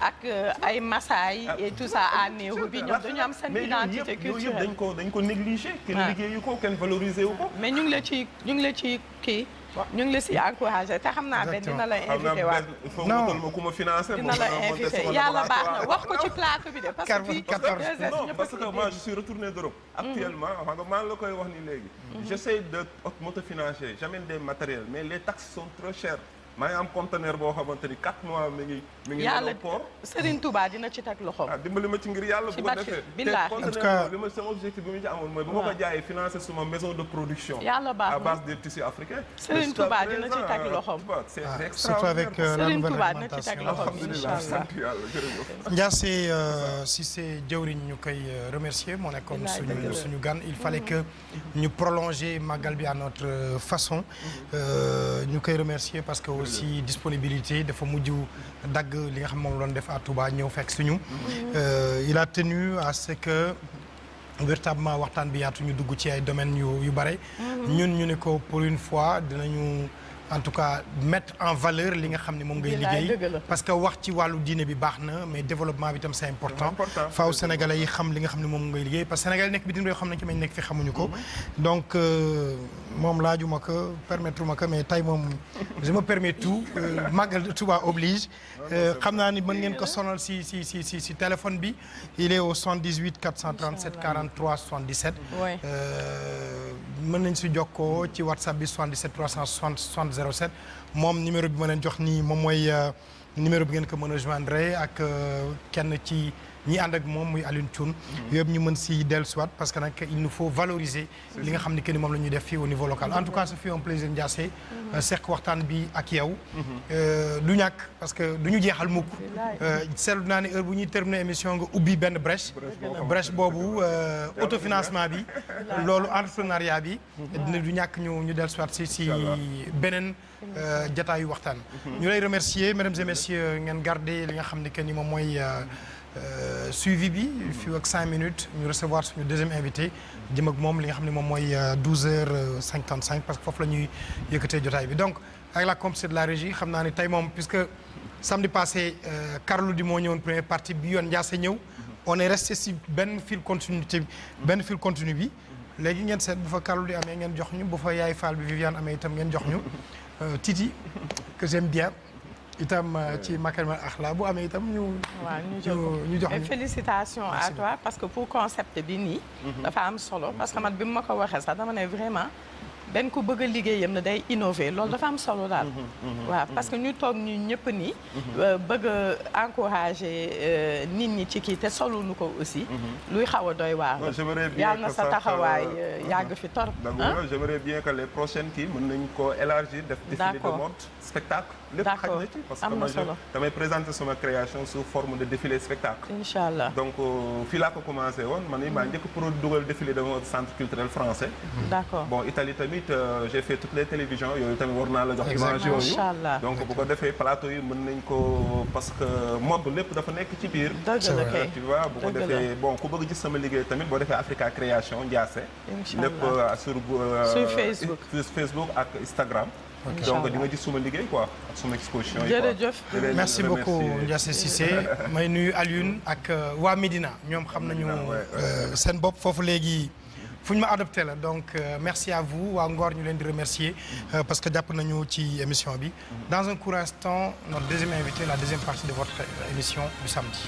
ak euh, ay Masaay ah. et tout ça à Nairobi ñoom dañu am seen identité culturelle dañ ko dañ ko négligé kenn ah. liggéeyu ko kenn valorisé wu ko mais ñu ngi la ci ñu ngi la ci kii ñu ngi la si encouragé te xam naa benn dina la invité waat non ku ma financé dina la invité yàlla baax na wax ko ci plateau bi de parce que fii non parce que moi je suis retourné d'Europe mm. actuellement xam nga maa ngi la koy wax ni léegi mm-hmm. j'essaie de m'autofinancer j'amène des matériels mais les taxes sont trop chères maa ngi am conteneur boo xamante ni 4 mois mi ngi. mi ngi yàlla Serigne Touba dina ci teg loxoom. ah dimbali ma ci ngir yàlla bu ko defee. te conteneur bi ma sama objectif bi ma ci amoon mooy. bu ma ko jaayee financer suma maison de production. yàlla baax na à base des tissus africains. Serigne ah, euh, Touba dina ci teg loxoom. c'est extraordinaire surtout avec la nouvelle alimentation alhamdulilah sant yàlla jërëjëf. Ndiassé Cissé euh, jëwriñ ñu koy euh, remercier moo nekkoon suñu suñu gan il fallait mm. que ñu prolonger màggal bi à notre façon. Mm. ñu koy remercier parce que aussi disponibilité dafa mujj dagg li nga xam moom la doon def à Touba ñëw fekk suñu. Euh, il a tenu à ce que. véritablement waxtaan bi yaatu dugg ci ay domaine yu yu bare. Mm-hmm. ñun ñu ne ko pour une fois dinañu. en tout cas mettre en valeur li nga xam ne moom ngay liggéey parce que wax ci wàllu diine bi baax na mais développement bi tam c'est important faaw sénégalais yi xam li nga xam ne moom ngay liggéey parce que sénégalais nekk bitim réew xam nañ ci ko mm-hmm. euh, permettre ma ko mais tey moom je me permets tout euh, Magal Touba oblige euh, xam naa ni mën ngeen ko sonal si si téléphone bi il est au 78 437 43 77 mën nañ si jokkoo ci whatsapp bi 77 07 moom numéro bi ma leen jox nii moom mooy euh, numéro bi ngeen ko mën a joindre ak euh, kenn ci. ñi ànd ak moom muy Alioune Thioune mm-hmm. yëpp ñu mën si dellusiwaat parce que nag il nous faut valoriser li nga xam ne que ni moom la ñuy def fii au niveau local en tout cas ce fut un plaisir Ndiassé mm-hmm. euh, seq waxtaan bi ak yow mm-hmm. euh, du ñàkk parce que du ñu jeexal mukk euh, seetlu naa ne heure bu ñuy terminer émission nga ubbi benn brèche brèche boobu financement bi loolu entrepreneuriat bi dina du ñàkk ñu ñu dellusiwaat si si beneen jataayu waxtaan ñu lay remercier mesdames et messieurs ngeen garder li nga xam ne que ni moom mooy Euh, suivi bi fii ak cinq minutes ñu recevoir suñu deuxième invité jëm ak moom li nga xam ne moom mooy euh, douze heures euh, cinquante cinq parce que foofu la ñuy yëkkatee jotaay bi donc avec la complicité de la régie xam naa ne tey moom puisque samedi passé Carlou D moo ñëwoon première partie bi yoon Ndiassé ñëw on est resté si benn fil continuité benn fil continu bi léegi ngeen seet bu fa Carlou D amee ngeen jox ñu bu fa Yaay Fall bi Viviane amee itam ngeen jox ñu Titi que j'aime bien itam euh, ci Makarima Akhla bu amee itam ñu. waaw ñu jox ñu jox félicitations à toi parce que pour concept bi nii. Mhm. dafa am solo parce que mhm. man bi ma ko waxee sax dama ne vraiment. benn ku bëgg a yam na day innover loolu dafa am solo daal. Mhm, waaw parce que ñu toog ñu ñëpp nii. Euh, bëgg a encourager euh, nit ñi ci kii te solu nu ko aussi. luy xaw a doy waar. yàlla na sa taxawaay yàgg fi torop. ah j'aimerais bien que les prochaines kii nañ ko élargir. def défilé de mode spectacle. lépp xaj na ci parce que damay présenter sama création sous forme de défilé spectacle incha allah donc euh, fii laa ko commencé woon man i maa njëkk pour dugal défilé dama centre culturel français mhm. d'accord bon Italie tamit euh, j'ai fait toutes les télévisions yooyu tamit war naa la jox image yooyu donc bu ko defee plateau yi mën nañ ko parce que mode lépp dafa nekk ci biir tu vois bu ko defee bon ku bëgg gis sama liggéey tamit boo defee Africa Création Ndiassé lépp euh, sur Facebook ak Instagram donc di nga gis suma liggéey quoi suma exposition yi jërëjëf merci beaucoup Ndiassé Cissé may nuyu Alioune ak euh, waa Médina ñoom xam nañu euh, seen bopp foofu léegi fu ñu ma adopté la donc euh, merci à vous waa Ngor ñu leen di remercier euh, parce que jàpp nañu ci émission bi dans un court instant notre deuxième invité la deuxième partie de votre euh, émission du samedi